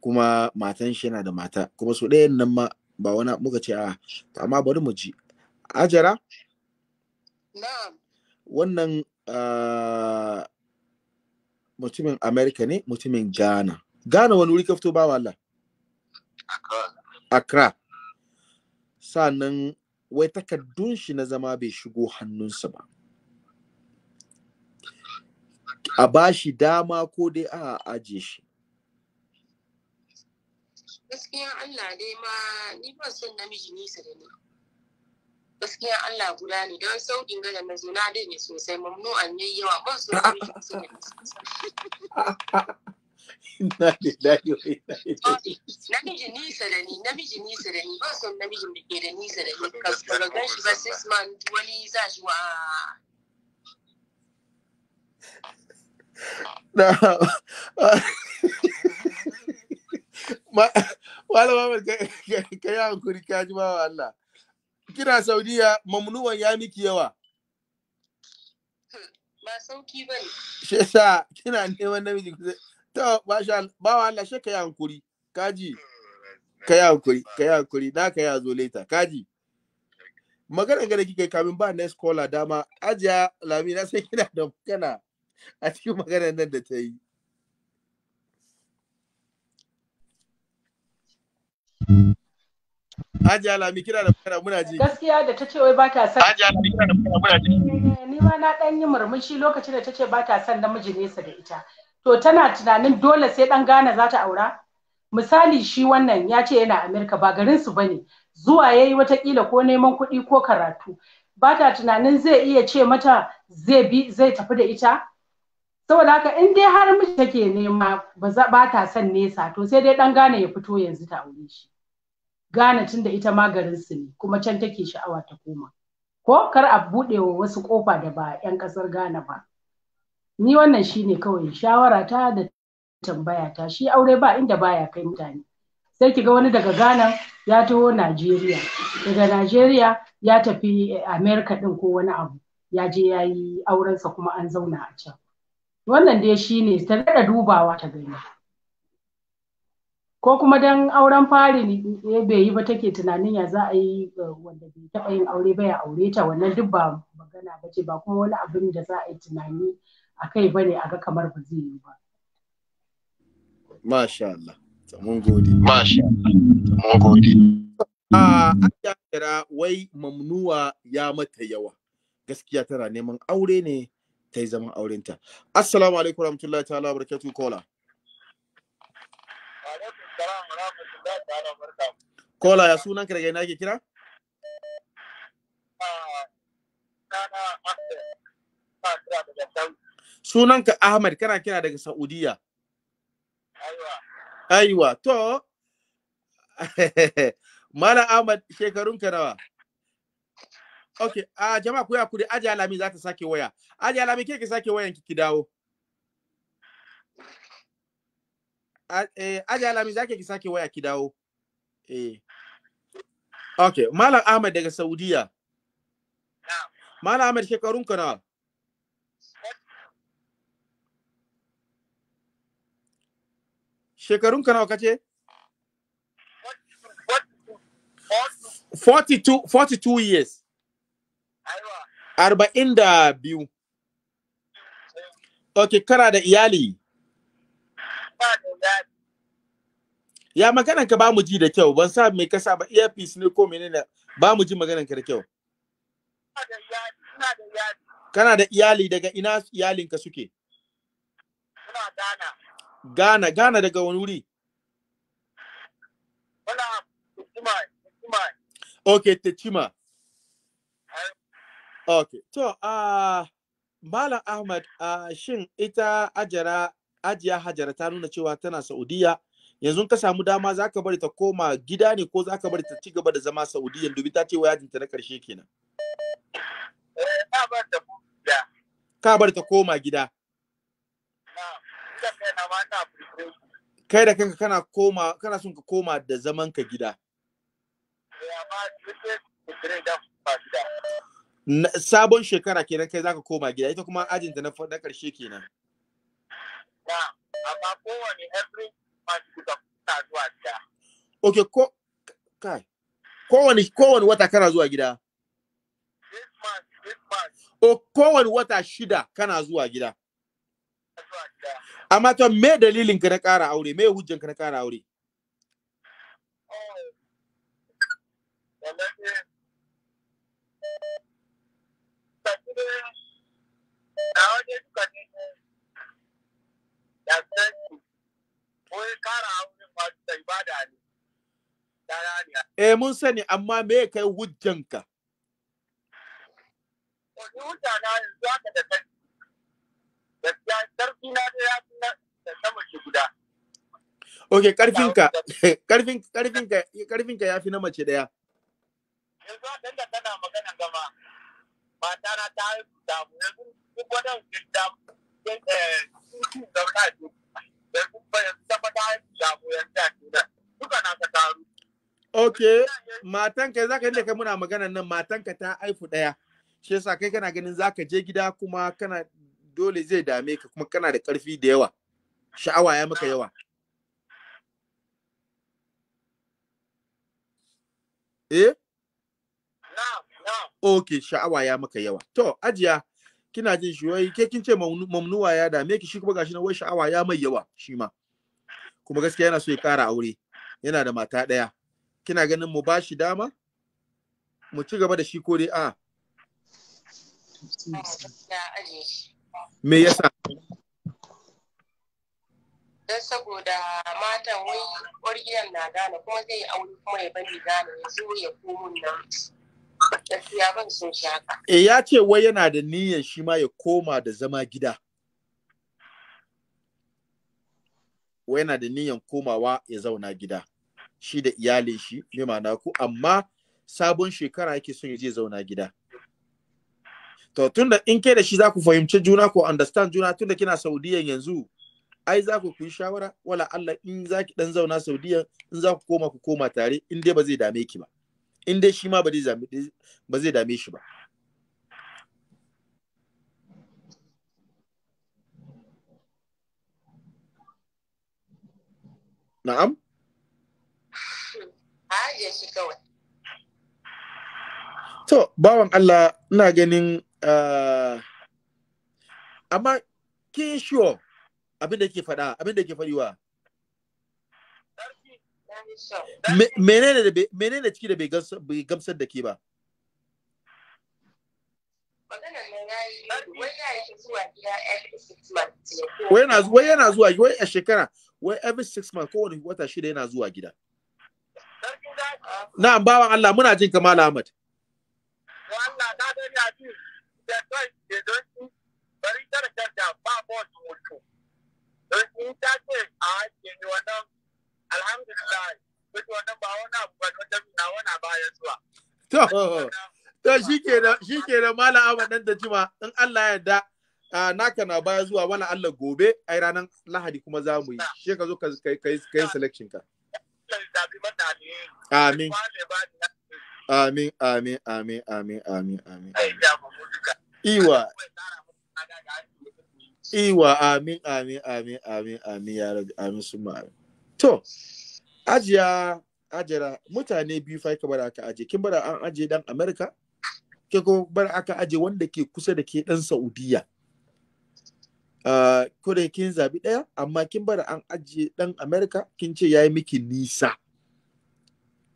kuma matan shi yana da mata kuma sau ɗayan nan ma ba wani muka ce a ah, amma bari mu ji ajara wannan ah, mutumin Amerika ne mutumin Ghana. Ghana wani wuri ka fito ba Allah? Accra. Sannan wai takardun shi na zama bai shigo hannunsa ba. A ba shi dama ko dai a ajiye shi. Gaskiya Allah dai ma ni ba son namiji nisa da ni. gaskiya Allah guda ne don sauƙin gada na zo na daidai sosai mamnu an yi yawa ba su da Na lillahi wa inna ilaihi. Namiji nisa da ni, namiji nisa da ni, ba son namijin da ke da nisa da ni. Ka gan shi ba six months wani za shi wa Malama ka yi hankuri ka ji ma Allah. kira Saudiya mamnuwan ya miki yawa. Ba sauki ba ne. Shi sa kina neman namiji kusa. To, ba sha bawa Allah shi kai hankuri. Kaji. Kai hankuri, kai hankuri, da ka yi zo leta. Kaji. Magana gada kika yi kamin ba next caller dama, ajiya lami na sai kina da kana a cikin maganar nan da ta yi. Hajiya Alami kira da fara muna ji. Gaskiya da ta ce wai ba ta son. Hajiya Alami kira da fara muna ji. Eh, ni ma na dan yi murmushi lokacin da ta ce ba ta son namiji nesa da ita. To tana tunanin dole sai dan gana za ta aura? Misali shi wannan ya ce yana Amerika ba garin su bane. Zuwa yayi watakila ko neman kuɗi ko karatu. Ba ta tunanin zai iya ce mata zai bi zai tafi da ita. Saboda haka in dai har miji take nema ba ta son nesa to sai dai dan Ghana ya fito yanzu ta aure shi. Ghana tun da ita ma garin su ne kuma can take sha'awa ta koma ko kar a buɗe wa wasu kofa da ba 'yan kasar Ghana ba ni wannan shine kawai shawara ta da tambaya ta shi aure ba inda baya kai mutane sai ki ga wani daga Ghana ya taho Najeriya daga Najeriya ya tafi America din ko wani abu ya je ya yi aurensa kuma an zauna a can wannan dai shine ta daɗa dubawa ta gani ko kuma dan auren fari ne eh, bai yi ba take tunanin ya za a yi eh, wanda bai taɓa yin aure ba ya aure ta wannan duk ba magana ba ce ba kuma wani abin da za a yi tunani a kai ba ne a ga kamar ba zai yi ba. Masha Allah, mun gode. Masha Allah, mun gode. An ya kira wai mamnuwa ya mata yawa. Gaskiya tana neman aure ne ta yi zaman aurenta. Assalamu alaikum warahmatullahi ta'ala barakatuhu kola. Kola ya sunan kirga na ke kira? Ah, Sunanka Ahmad kana kira daga Saudiya. Aiwa. to [laughs] Mala Ahmad shekarun nawa? Okay, a ah, jama'a ku ya kuri Aji Alami za ta sake waya. Aji Alami ke ki sake wayan ki ki dawo. Eh, aje alami zake ki sake waya ki dawo eh okay malam ahmad daga saudiya malam ahmad shekarun ka na shekarun ka nawa kace 42 42 years arba'in da biyu okay kana da iyali ya maganan ka ba mu ji da kyau ban sa mai kasa ba earpiece ne ko menene ba mu ji maganar ka da kyau kana da iyali daga ina iyalin ka suke ina gana gana gana daga wani wuri wala Ticima Ticima okay Ticima okay to so, ah, Malam Ahmad a ah, shin ita ajara ajiya hajara ta nuna cewa tana Saudiya yanzu ka samu dama za ka bari ta koma gida ne ko za ka bari ta ci gaba da zama saudiya dubi ta ce wayajinta na karshe kenan ka bari ta koma gida kai da kanka kana koma kana son ka koma da zaman ka gida eh, sabon shekara kenan kai za ka koma gida ita kuma ajinta na karshe kenan na amma kowane every Ok, ko kai. Kowane kowane wata kana zuwa gida. O oh, kowane wata shida kana zuwa gida. Amma to me dalilin ka na ƙara aure? Me hujjan ka na ƙara aure? Na Eh mun sani amma me kai hujjanka? Wani hujja yanzu haka da Gaskiya sarki na Ok, karfinka, ya fi na mace daya. Yanzu haka da tana magana gama ta haihu damu yanzu duk Ok, matanka za ka yadda kai muna maganan nan matanka ta aifu ɗaya. Shi yasa kai kana ganin za ka je gida kuma kana dole zai dame ka kuma kana da ƙarfi da yawa. Sha'awa ya maka yawa. Eh? Ok, sha'awa ya maka yawa. To, ajiya, kina jin shi wai ke kin ce mamnuwa ya dame ki shi kuma gashi na wai sha'awa ya mai yawa shi ma kuma gaskiya yana so ya kara aure yana da mata ɗaya kina ganin mu ba dama mu ci gaba da shi ko dai a me yasa don saboda matan wai oriyan na gane kuma zai yi aure kuma ya bani gane ya zo ya komo na E, Eh ya ce wai yana da niyyar shi ma ya koma da zama gida. Wai yana da niyyar komawa ya zauna gida. Shi da iyalin shi, ne ku, amma sabon shekara yake son ya je zauna gida. To tunda in ke da shi za ku fahimci juna ku understand juna tunda kina Saudiya yanzu ai za ku yi shawara wala Allah in za ki dan zauna Saudiya in za ku koma ku koma tare in dai ba zai dame ki ba. in dai shi ma ba zai dame shi ba na'am to bawan Allah ina ganin ah, amma ke sure abin da ke faɗa abin da ke faɗiwa menene ciki da bai gamsar da ke ba wai yana zuwa gida wai a shekara wai every six months kowane wata shida yana zuwa gida na'am bawan Allah muna jin kamala Ahmad Allah na da ya ji da don da don bari darajar da ba boss mutu don in ta ce a ke wannan alhamdulillah duk wannan ba wani abu ba zuwa. To, to shi shi Malam Ahmad dan da jima in Allah ya yarda Uh, naka na baya zuwa wala Allah gobe ai ranar Lahadi kuma za mu yi she ka zo ka kai selection ka amin amin amin amin amin amin amin iwa iwa amin amin amin amin amin ya rabi amin su ajiya ajira mutane biyu fa ka bar aka aje kin bar an aje dan america ke ko bar aka aje wanda ke kusa da ke dan saudiya Uh, ko da kin zabi ɗaya amma kin bar an aje dan America kin ce ya yi miki nisa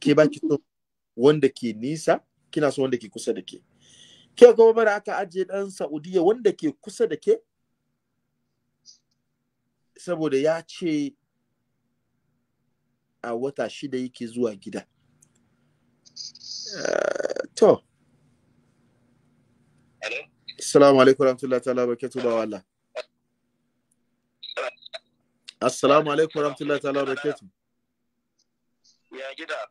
ke ba ki so wanda ke nisa kina so wanda ke kusa da ke ke kuma bar aka aje dan saudiya wanda ke kusa da ke saboda ya ce a wata shida yake zuwa gida eh, to assalamu alaikum rahmatullahi ta'ala barakatu ba wala assalamu alaikum rahmatullahi ta'ala barakatu ya gida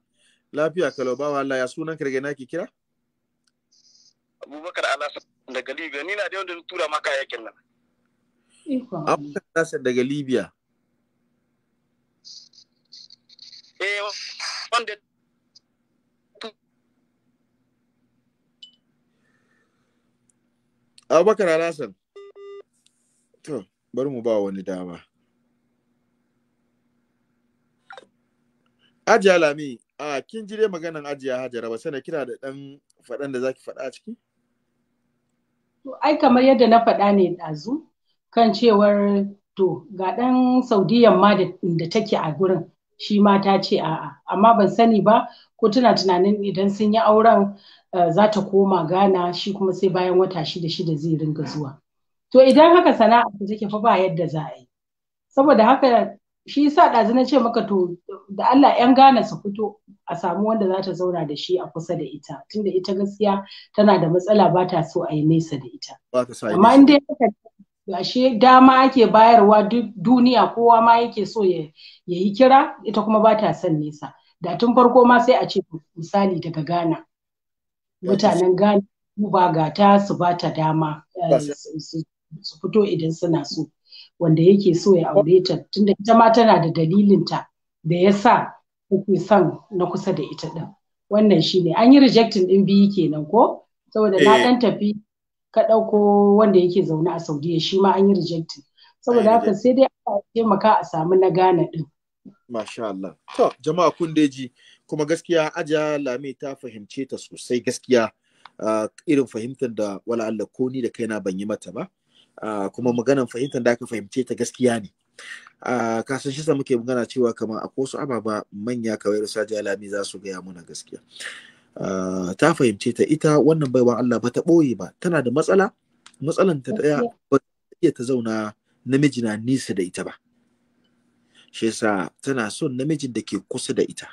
lafiya kalau ba wala ya sunan kirge naki kira abubakar alasan daga libya ni na da yau da tura maka yakin nan abubakar alasan daga libya eh wanda Abubakar alasan To, bari mu ba wani dama. Ajiya Lami, a kin jire maganan Ajiya hajjara ba na kira da ɗan faɗan da zaki faɗa a ciki? To, ai kamar yadda na faɗa ne ɗazu kan cewar to ga ɗan Saudiyan ma da take a gurin shi ma ta ce a'a amma ban sani ba ko tana tunanin idan sun yi auren eh, za ta koma gana shi kuma sai bayan wata shida shida zai ringa zuwa to idan haka sana'a ta take fa ba yadda za a yi saboda haka shi sa ɗazu na ce maka to da Allah 'yan gana su fito a samu wanda za ta zauna da shi a kusa da ita tunda ita gaskiya tana da matsala ba ta so a yi nesa da ita amma in dai ashe dama ake bayarwa duk duniya kowa ma yake so ya yi kira ita kuma ba ta son nesa da tun farko ma sai a ce misali daga ghana mutanen ghana ba gata su ba ta dama eh, su fito idan suna so wanda yake so ya aure ta tunda ita ma tana da dalilinta da ya sa kuke son na kusa da ita din wannan shine an yi rejectin din biyu kenan ko saboda na dan eh. tafi ka ɗauko wanda yake zaune a saudiya shi ma an yi rejecting saboda haka sai dai a taimaka a samu na gane din masha Allah to jama'a kun ji kuma gaskiya ajiya lami ta fahimce ta sosai gaskiya irin fahimtar da wala Allah ko ni da kaina ban yi mata ba kuma maganan fahimtar da aka fahimce ta gaskiya ne kasan shi muke magana cewa kamar akwai wasu ababa manya kawai da sajiya lami za su gaya muna gaskiya Ah, ta fahimce ta ita wannan baiwa Allah ba ta ɓoye ba tana da matsala matsalan ta daya ba iya ta zauna namiji na nisa da ita ba shi yasa tana son namijin da ke kusa da ita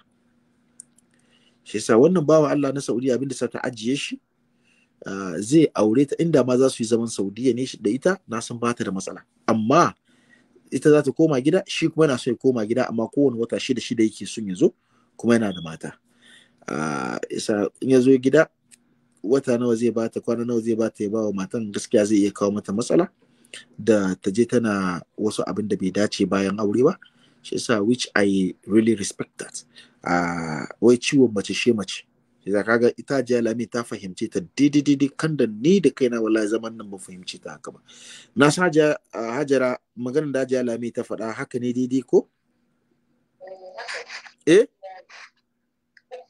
shi yasa wannan bawa Allah na Saudiya abinda sa ta ajiye shi ah, zai aure ta inda ma za su yi zaman Saudiya ne da ita na san ba ta da matsala amma ita za ta koma gida shi kuma yana so ya koma gida amma kowane wata shida shida yake son ya zo kuma yana da mata isa in ya zo gida wata nawa zai bata kwana nawa zai bata ya bawa matan gaskiya zai iya kawo mata matsala da ta je tana wasu abin da bai dace bayan aure ba shi yasa which I really respect that wai ciwon mace she mace za kaga ita jiya lami ta fahimce ta daidai kan da ni da kaina wala zaman nan ba fahimci ta haka ba na sa hajara maganar da jiya lami ta faɗa haka ne daidai ko eh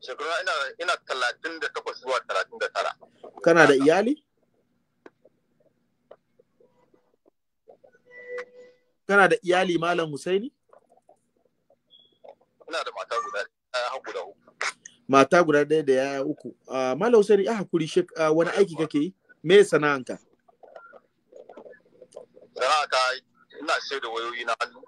shekaru ina ina talatin da takwas zuwa talatin da tara kana da iyali kana da iyali malam husaini ina da mata guda eh, guda uku mata guda ɗaya da yaya uku ah, malam husaini a hakuri ah, wani aiki kake yi me sana'anka sana'a ka ina sai da wayoyi na hannu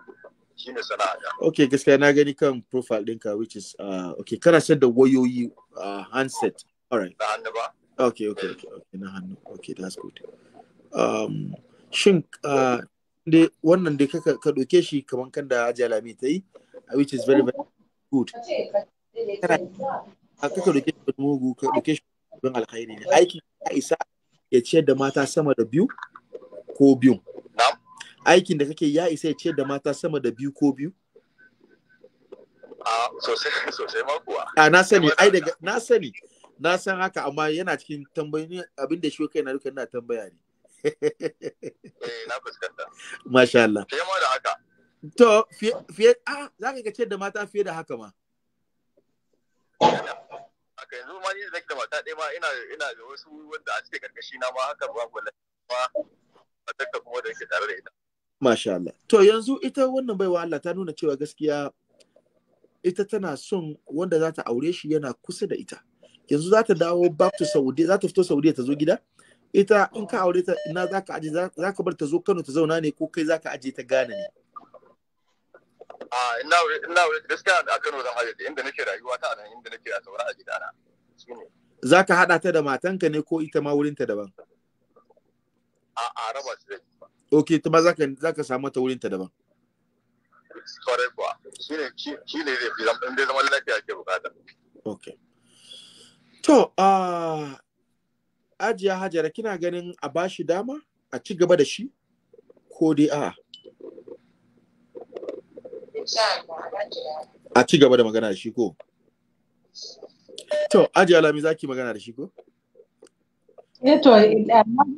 shine sana'a okay gaskiya na gani kan profile ɗinka which is uh, okay kana sayar da wayoyi uh, handset all right na hannu ba okay okay okay okay na hannu okay that's good um shin uh, ah, dai wannan dai ka ɗauke shi kaman kan da Hajiya Lami ta yi which is very very good Kana a kaka ɗauke shi mugu ka ɗauke shi don alkhairi ne aiki ya isa ya ciyar da mata sama da biyu ko biyun aikin da kake ya isa ya ce da mata sama da biyu ko biyu a ah, [laughs] sosai ma kuwa ah, na sani ai daga na sani na san haka amma yana cikin tambayoyi abin da shi kai na duka ina tambaya ne [laughs] eh na fuskanta masha Allah fiye ma da haka to fiye a ah, za ka ce da mata fiye da haka ma haka yanzu ma ni zai da mata ɗaya ma ina da wasu wanda a cikin karkashi na ma haka ba wallahi ma ta kuma da yake tare da ita Masha Allah. To yanzu ita wannan baiwa Allah ta nuna cewa gaskiya ita tana son wanda za ta aure shi yana kusa da ita. Yanzu za ta dawo back to Saudi, za ta fito Saudi ta zo gida. Ita in ka aure ta ina za ka aje za ka bar ta zo Kano ta zauna ne ko kai za ka aje ta Ghana ne. ina ina gaskiya a Kano zan aje ta inda nake rayuwa ta nan inda nake a saura a gidana. Za ka haɗa ta da matanka ne ko ita ma wurinta daban? A'a raba su ok ta zaka zaka samu ta wurin ta daban kwarai kuwa shi ne shi ne zai fi zama inda lafiya ke bukata ok to a ajiya hajara kina ganin a ba shi dama a ci gaba da shi ko dai a a ci gaba da magana da shi ko to ajiya lami zaki magana da shi ko Eh to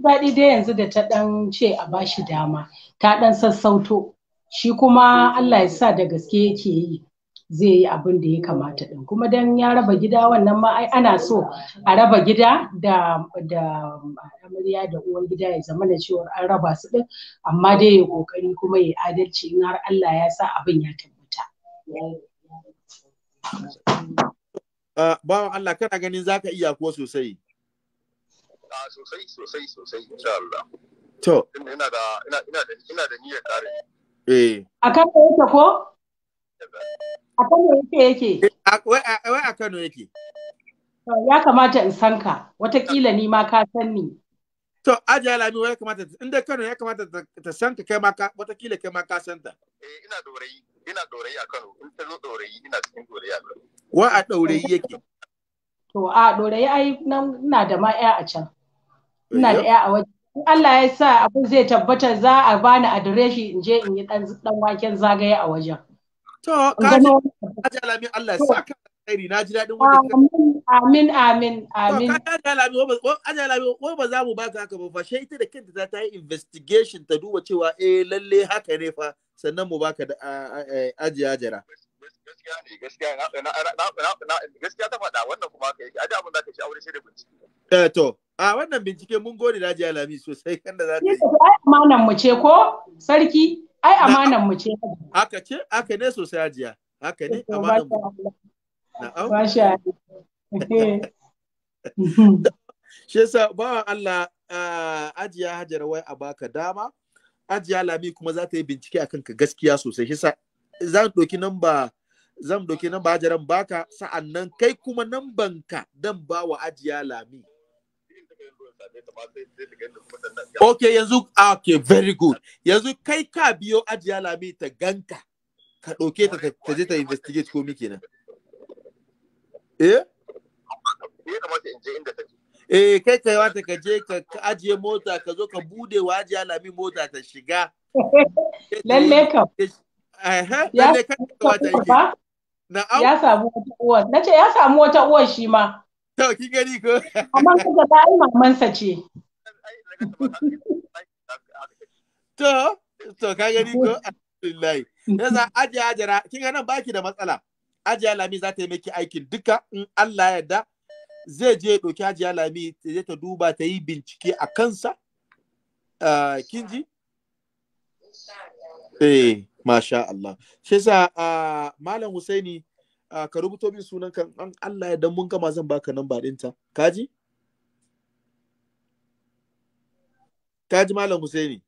daɗi dai yanzu da ta ɗan ce a bashi dama ta ɗan sassauto shi kuma Allah ya sa da gaske yake yi zai yi abin da ya kamata ɗin kuma dan ya raba gida wannan ma ai ana so a raba gida da amarya da uwar gida ya zama da cewa an raba su ɗin amma dai ya kokari kuma ya adalci in har Allah ya sa abin ya tabbata. Eh, bawan Allah kana ganin zaka iya ko sosai. a sosai sosai sosai insha Allah to ina da ina ina da ina da niyyar kare eh akan me yake ko A Kano yake yake eh, wai a Kano yake ya kamata in san ka watakila ni ma ka san ni to ajiya lami wai kamata inda Kano ya kamata ta san ka kai ma watakila kai maka san ta eh ina dorayi ina dorayi a Kano in ta zo dorayi ina cikin dorayi a Kano wa a dorayi yake To a ɗorayi ai nan ina da ma a can. ina da ya a waje Allah ya sa abu zai tabbata za a bani adireshi in je in yi dan waken zagaye a wajen to kaji kaji alamin Allah ya sa ka alheri na ji daɗin wannan. amin amin amin alamin ko ba za mu za haka ba fa ita da kanta za ta yi investigation ta duba cewa eh lalle haka ne fa sannan mu baka da ajiya jira. gaskiya ne gaskiya na gaskiya ta faɗa wannan kuma abin da ka bincike eh to a wannan bincike mun gode da ji alami sosai kan [laughs] da za ta yi ai amanan mu ce ko sarki ai amanan mu ce haka ce haka ne sosai ajiya haka ne amanan mu na'am masha [laughs] shi yasa Allah ajiya Hajar wai a baka dama ajiya lami kuma za ta yi bincike akan ka gaskiya sosai shi za a ɗauki namba zan doke nan bajaran baka sa'annan kai kuma nan banka dan ba wa ajiya lami Ok, yanzu, ah, ok, very good. Yanzu kai ka biyo ajiya lami ta ganka, ka ɗauke ta ta je ta investigate ko miki nan. Eh? Eh, kai ka wata ka je ka ajiye mota, ka zo ka bude wa ajiya lami mota ta shiga. Lalle ka. Lalle ka wata yake. Ya samu wata uwar. Na ce ya samu wata uwar shi ma. To, kin gani ko? Amma ka ga ai mamansa ce. [laughs] To, to ka gani ko? Alhamdulillah. Yanzu aje ajira, kin ga nan baki da matsala. Ajiya Lami za ta yi miki aikin duka in Allah yarda zai je ya ɗauki Hajiya Lami je ta duba ta yi bincike a kansa. Ah, kin ji? Eh. Masha Allah. Shi sa uh, Malam Husaini uh, ka rubuto min sunan kan an Allah ya dan mun gama zan baka nan ɗinta. Kaji? Kaji Malam Husaini.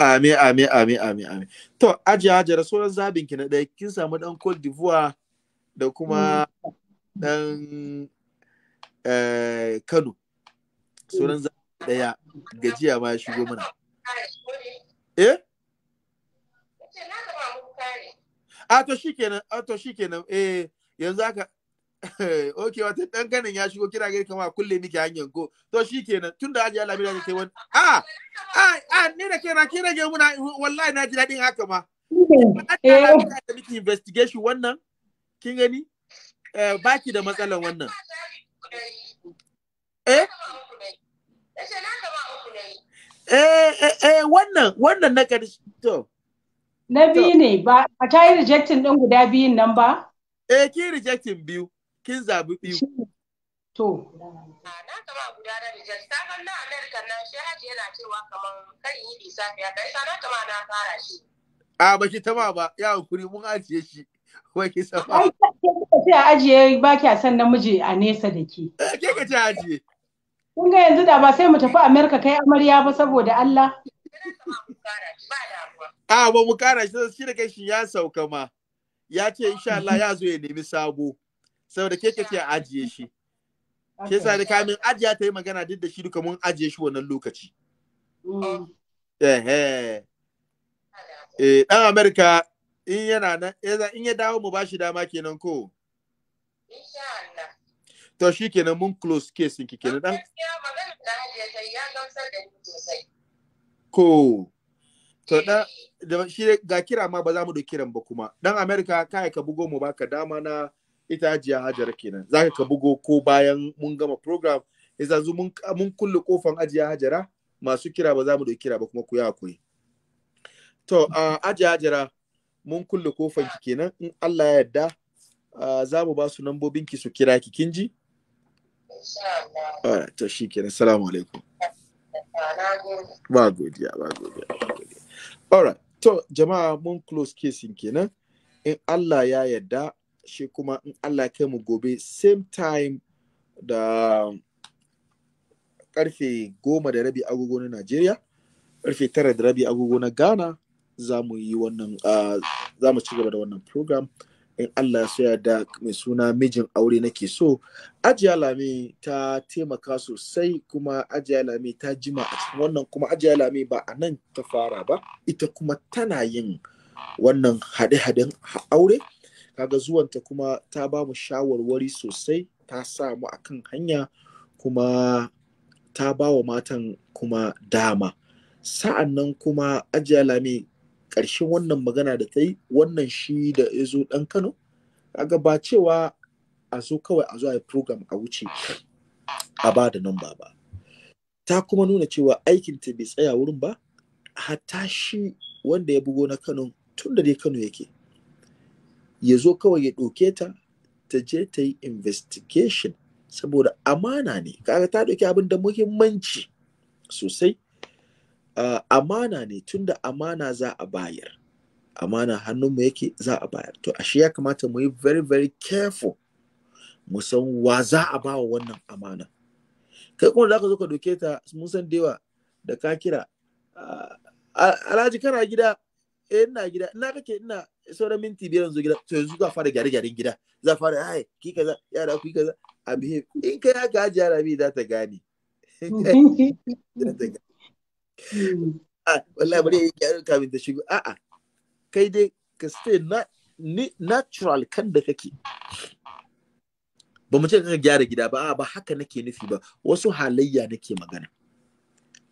Ame, ame, ame, ame, ame. To, aji aji rasuwar zabin ki na ɗaya kin samu ɗan Cote d'Ivoire da kuma ɗan eh, Kano. Sunan zabin ɗaya gajiya ma ya shigo mana. Eh? ce na gaba mu A to shikenan, a to shikenan. Eh yanzu haka [laughs] ok wata ɗan ganin ya shigo kira gari kama kulle miki hanyar ko to shikenan tunda aji Allah bi da kai wani a a a ni da kira ki rage muna wallahi na ji dadin haka ma eh miki investigation wannan kin gani eh baki da matsalan wannan eh? eh eh eh wannan wannan na karshe to Na biyu ne ba a ta yi rejectin ɗin guda biyun nan ba? Eh ki rejectin biyu, kin zabi biyu. To. Na kama guda na reject, ta kan na Amerika na shi haji yana cewa kamar kan yi lissafi ya kai sana kama na fara shi. A baki tama ba, ya hankuri mun ajiye shi. [laughs] Wai ki sama. Ai ce a ajiye ba kya san namiji a nesa da ke. Eh, ke ka ce ajiye. Kun ga yanzu da ba sai mu tafi Amerika kai amarya ba saboda Allah. a ah, ba mu kara shi shi da kai shi ya sauka ma ya ce insha Allah ya zo ya nemi sabo saboda ke kace a ajiye shi ke sa da kamin ajiya ta yi magana duk da shi duka mun ajiye shi wannan lokaci mm. eh eh eh dan Amerika in yana nan eh, in ya dawo mu ba shi dama kenan ko insha Allah to shi kenan mun close case kenan dan magana da ajiye ta ya gamsar da ni sosai ko to da shi ga kira ma ba za mu kiran ba kuma dan america kai ka bugo mu baka dama na ita ajiya hajar kenan zaka ka bugo ko bayan mun gama program yanzu zu mun mun kulle kofan ajiya hajara masu kira ba za mu kira ba kuma ku ya koyi to uh, ajiya hajara mun kulle kofan ki kenan in Allah ya yarda uh, za mu ba su nambobin ki su kira ki kin ji Assalamu alaikum. Ba godiya, ba godiya, ba Alright, to jama'a mun close casing kenan. In Allah ya yadda shi kuma in Allah kai mu gobe same time da karfe goma da rabi agogo na Najeriya, karfe tara da rabi agogo na Ghana za mu yi wannan ah, za mu ci gaba da wannan program. in Allah ya ya da mai suna mijin aure nake so ajiya lami ta taimaka sosai kuma ajiya lami ta jima a cikin wannan kuma ajiya lami ba a nan ta fara ba ita kuma tana yin wannan haɗe-haɗen aure kaga zuwanta kuma ta ba mu shawarwari sosai ta sa mu akan hanya kuma ta ba wa matan kuma dama sa'an nan kuma ajiya lami ƙarshen wannan magana da ta yi wannan shi da ya zo ɗan kano kaga ba cewa a zo kawai a zo a yi program a wuce a ba da nan ba ba ta kuma nuna cewa aikinta bai tsaya wurin ba hatta shi wanda ya bugo na kano tun da dai kano yake ya zo kawai ya ɗauke ta ta je ta yi investigation saboda amana ne kaga ta ɗauki abin da muhimmanci sosai uh, amana ne tunda amana za a bayar amana hannunmu yake za a bayar to ashe ya kamata mu yi very very careful mu san wa za a ba wa wannan amana kai kuma da ka zo ka doke ta mun san dewa da ka kira uh, alhaji kana gida eh ina gida ina kake ina sauran minti biyar yanzu gida to yanzu za fara gyare gyaren gida za fara ai ki kaza yara ku kaza a behave in kai haka ajiya rabi za ta gane [laughs] [laughs] Ah, wallahi bari yi gyaran kamin da shigo a'a kai dai ka stay natural kan da kake ba mu ce ka gyara gida ba ba haka nake nufi ba wasu halayya nake magana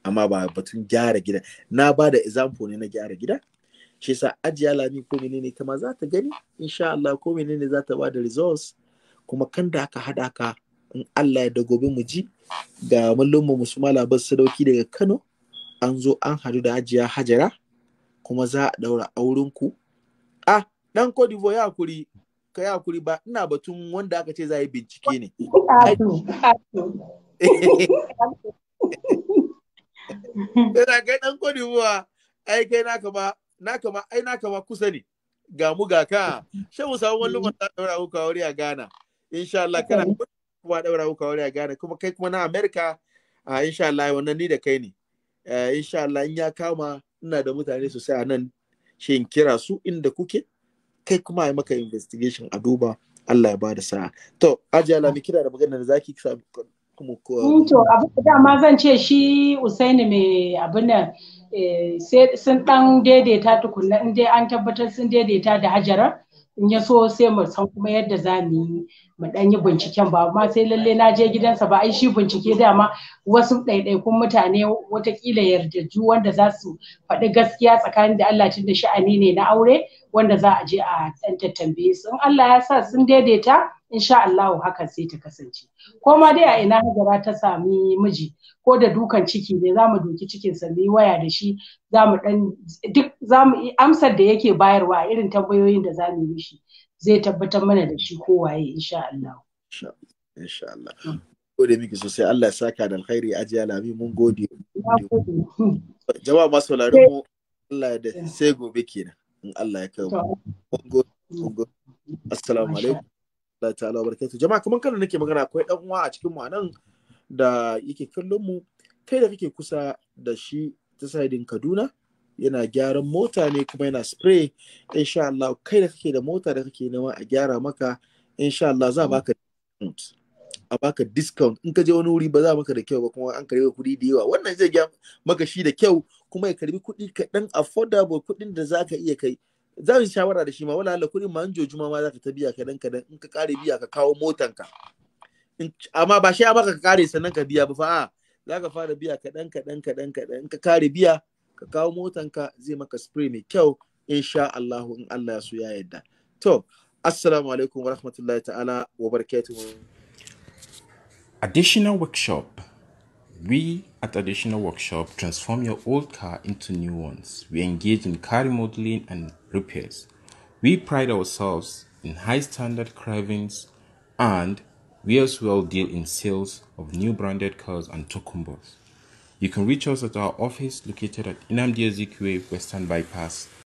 amma ba batun gyara gida na ba da example ne na gyara gida shi yasa ajiya lami ko menene ta ma za ta gani insha Allah ko menene za ta ba da results kuma kan da aka hada ka in Allah ya da gobe mu ji ga mallon mu Musmala Sadauki daga Kano an zo an hadu da hajiya hajara kuma za a ɗaura aurenku ah ɗan kodivo ya kuri ka ya kuri ba ina batun wanda aka ce za a yi bincike ne Yana kai ɗan a ai kai na kama naka ai na kama kusa ne ga mu ga ka sai mu samu wani lumar ɗaura muku wuri a Ghana insha Allah kana kuma ɗaura muku wuri a Ghana kuma kai kuma na Amerika. a insha Allah wannan ni da kai ne Eh, insha Allah in ya kama ina da mutane su sai a nan shi in kira su inda kuke kai kuma ai maka investigation a duba Allah ya ba da sa'a to ajiya mi kira da magana da zaki kuma ko uh, eh, to abu dama zan ce shi Usaini mai abin nan eh, sun dan daidaita tukunna in dai an tabbatar sun daidaita da Hajara in ya so sai mu san kuma yadda za mu yi mu dan yi binciken ba amma sai lalle na je gidansa ba ai shi bincike dama wasu ɗaiɗaikun mutane watakila yardaju wanda za su faɗi gaskiya tsakanin da Allah tun da sha'ani ne na aure wanda za a je a ɗan tattambaye su Allah ya sa sun daidaita insha Allah haka sai ta kasance ko ma dai a ina Hajara ta sami miji ko da dukan ciki ne za mu duki cikin sa mu waya da shi za mu dan duk za mu amsar da yake bayarwa irin tambayoyin da za mu yi shi zai tabbatar mana da shi ko waye insha Allah insha Allah gode miki sosai Allah ya saka da alkhairi ajiya lami mun gode jama'a masu sauraron mu Allah da sai gobe kenan in Allah ya kai mu assalamu alaikum Allah ta'ala barakatu jama'a kaman kana nake magana akwai dan uwa a cikin mu anan da yake kallon mu kai da kake kusa da shi ta sidin Kaduna yana gyaran mota ne kuma yana spray insha Allah kai da kake da mota da kake nema a gyara maka insha Allah za baka discount a baka discount in ka je wani wuri ba za maka da kyau ba kuma an karbe kuɗi da yawa wannan zai gya maka shi da kyau kuma ya karbi kuɗi kaɗan affordable kuɗin da zaka iya kai za mu shawara da shi ma wala kuɗin ma jojuma ma zaka ta biya kaɗan kaɗan in ka kare biya ka kawo motanka amma ba shi maka ka kare sannan ka biya ba fa zaka fara biya kaɗan kaɗan kaɗan kaɗan in ka kare biya ka kawo ka zai maka spray mai kyau insha Allah in Allah ya so ya yarda to assalamu alaikum wa rahmatullahi ta'ala wa barakatuhu additional workshop we At Additional Workshop, transform your old car into new ones. We engage in car remodeling and repairs. We pride ourselves in high standard carvings and we as well deal in sales of new branded cars and tokumbos. You can reach us at our office located at Inamdi Ezekwe Western Bypass,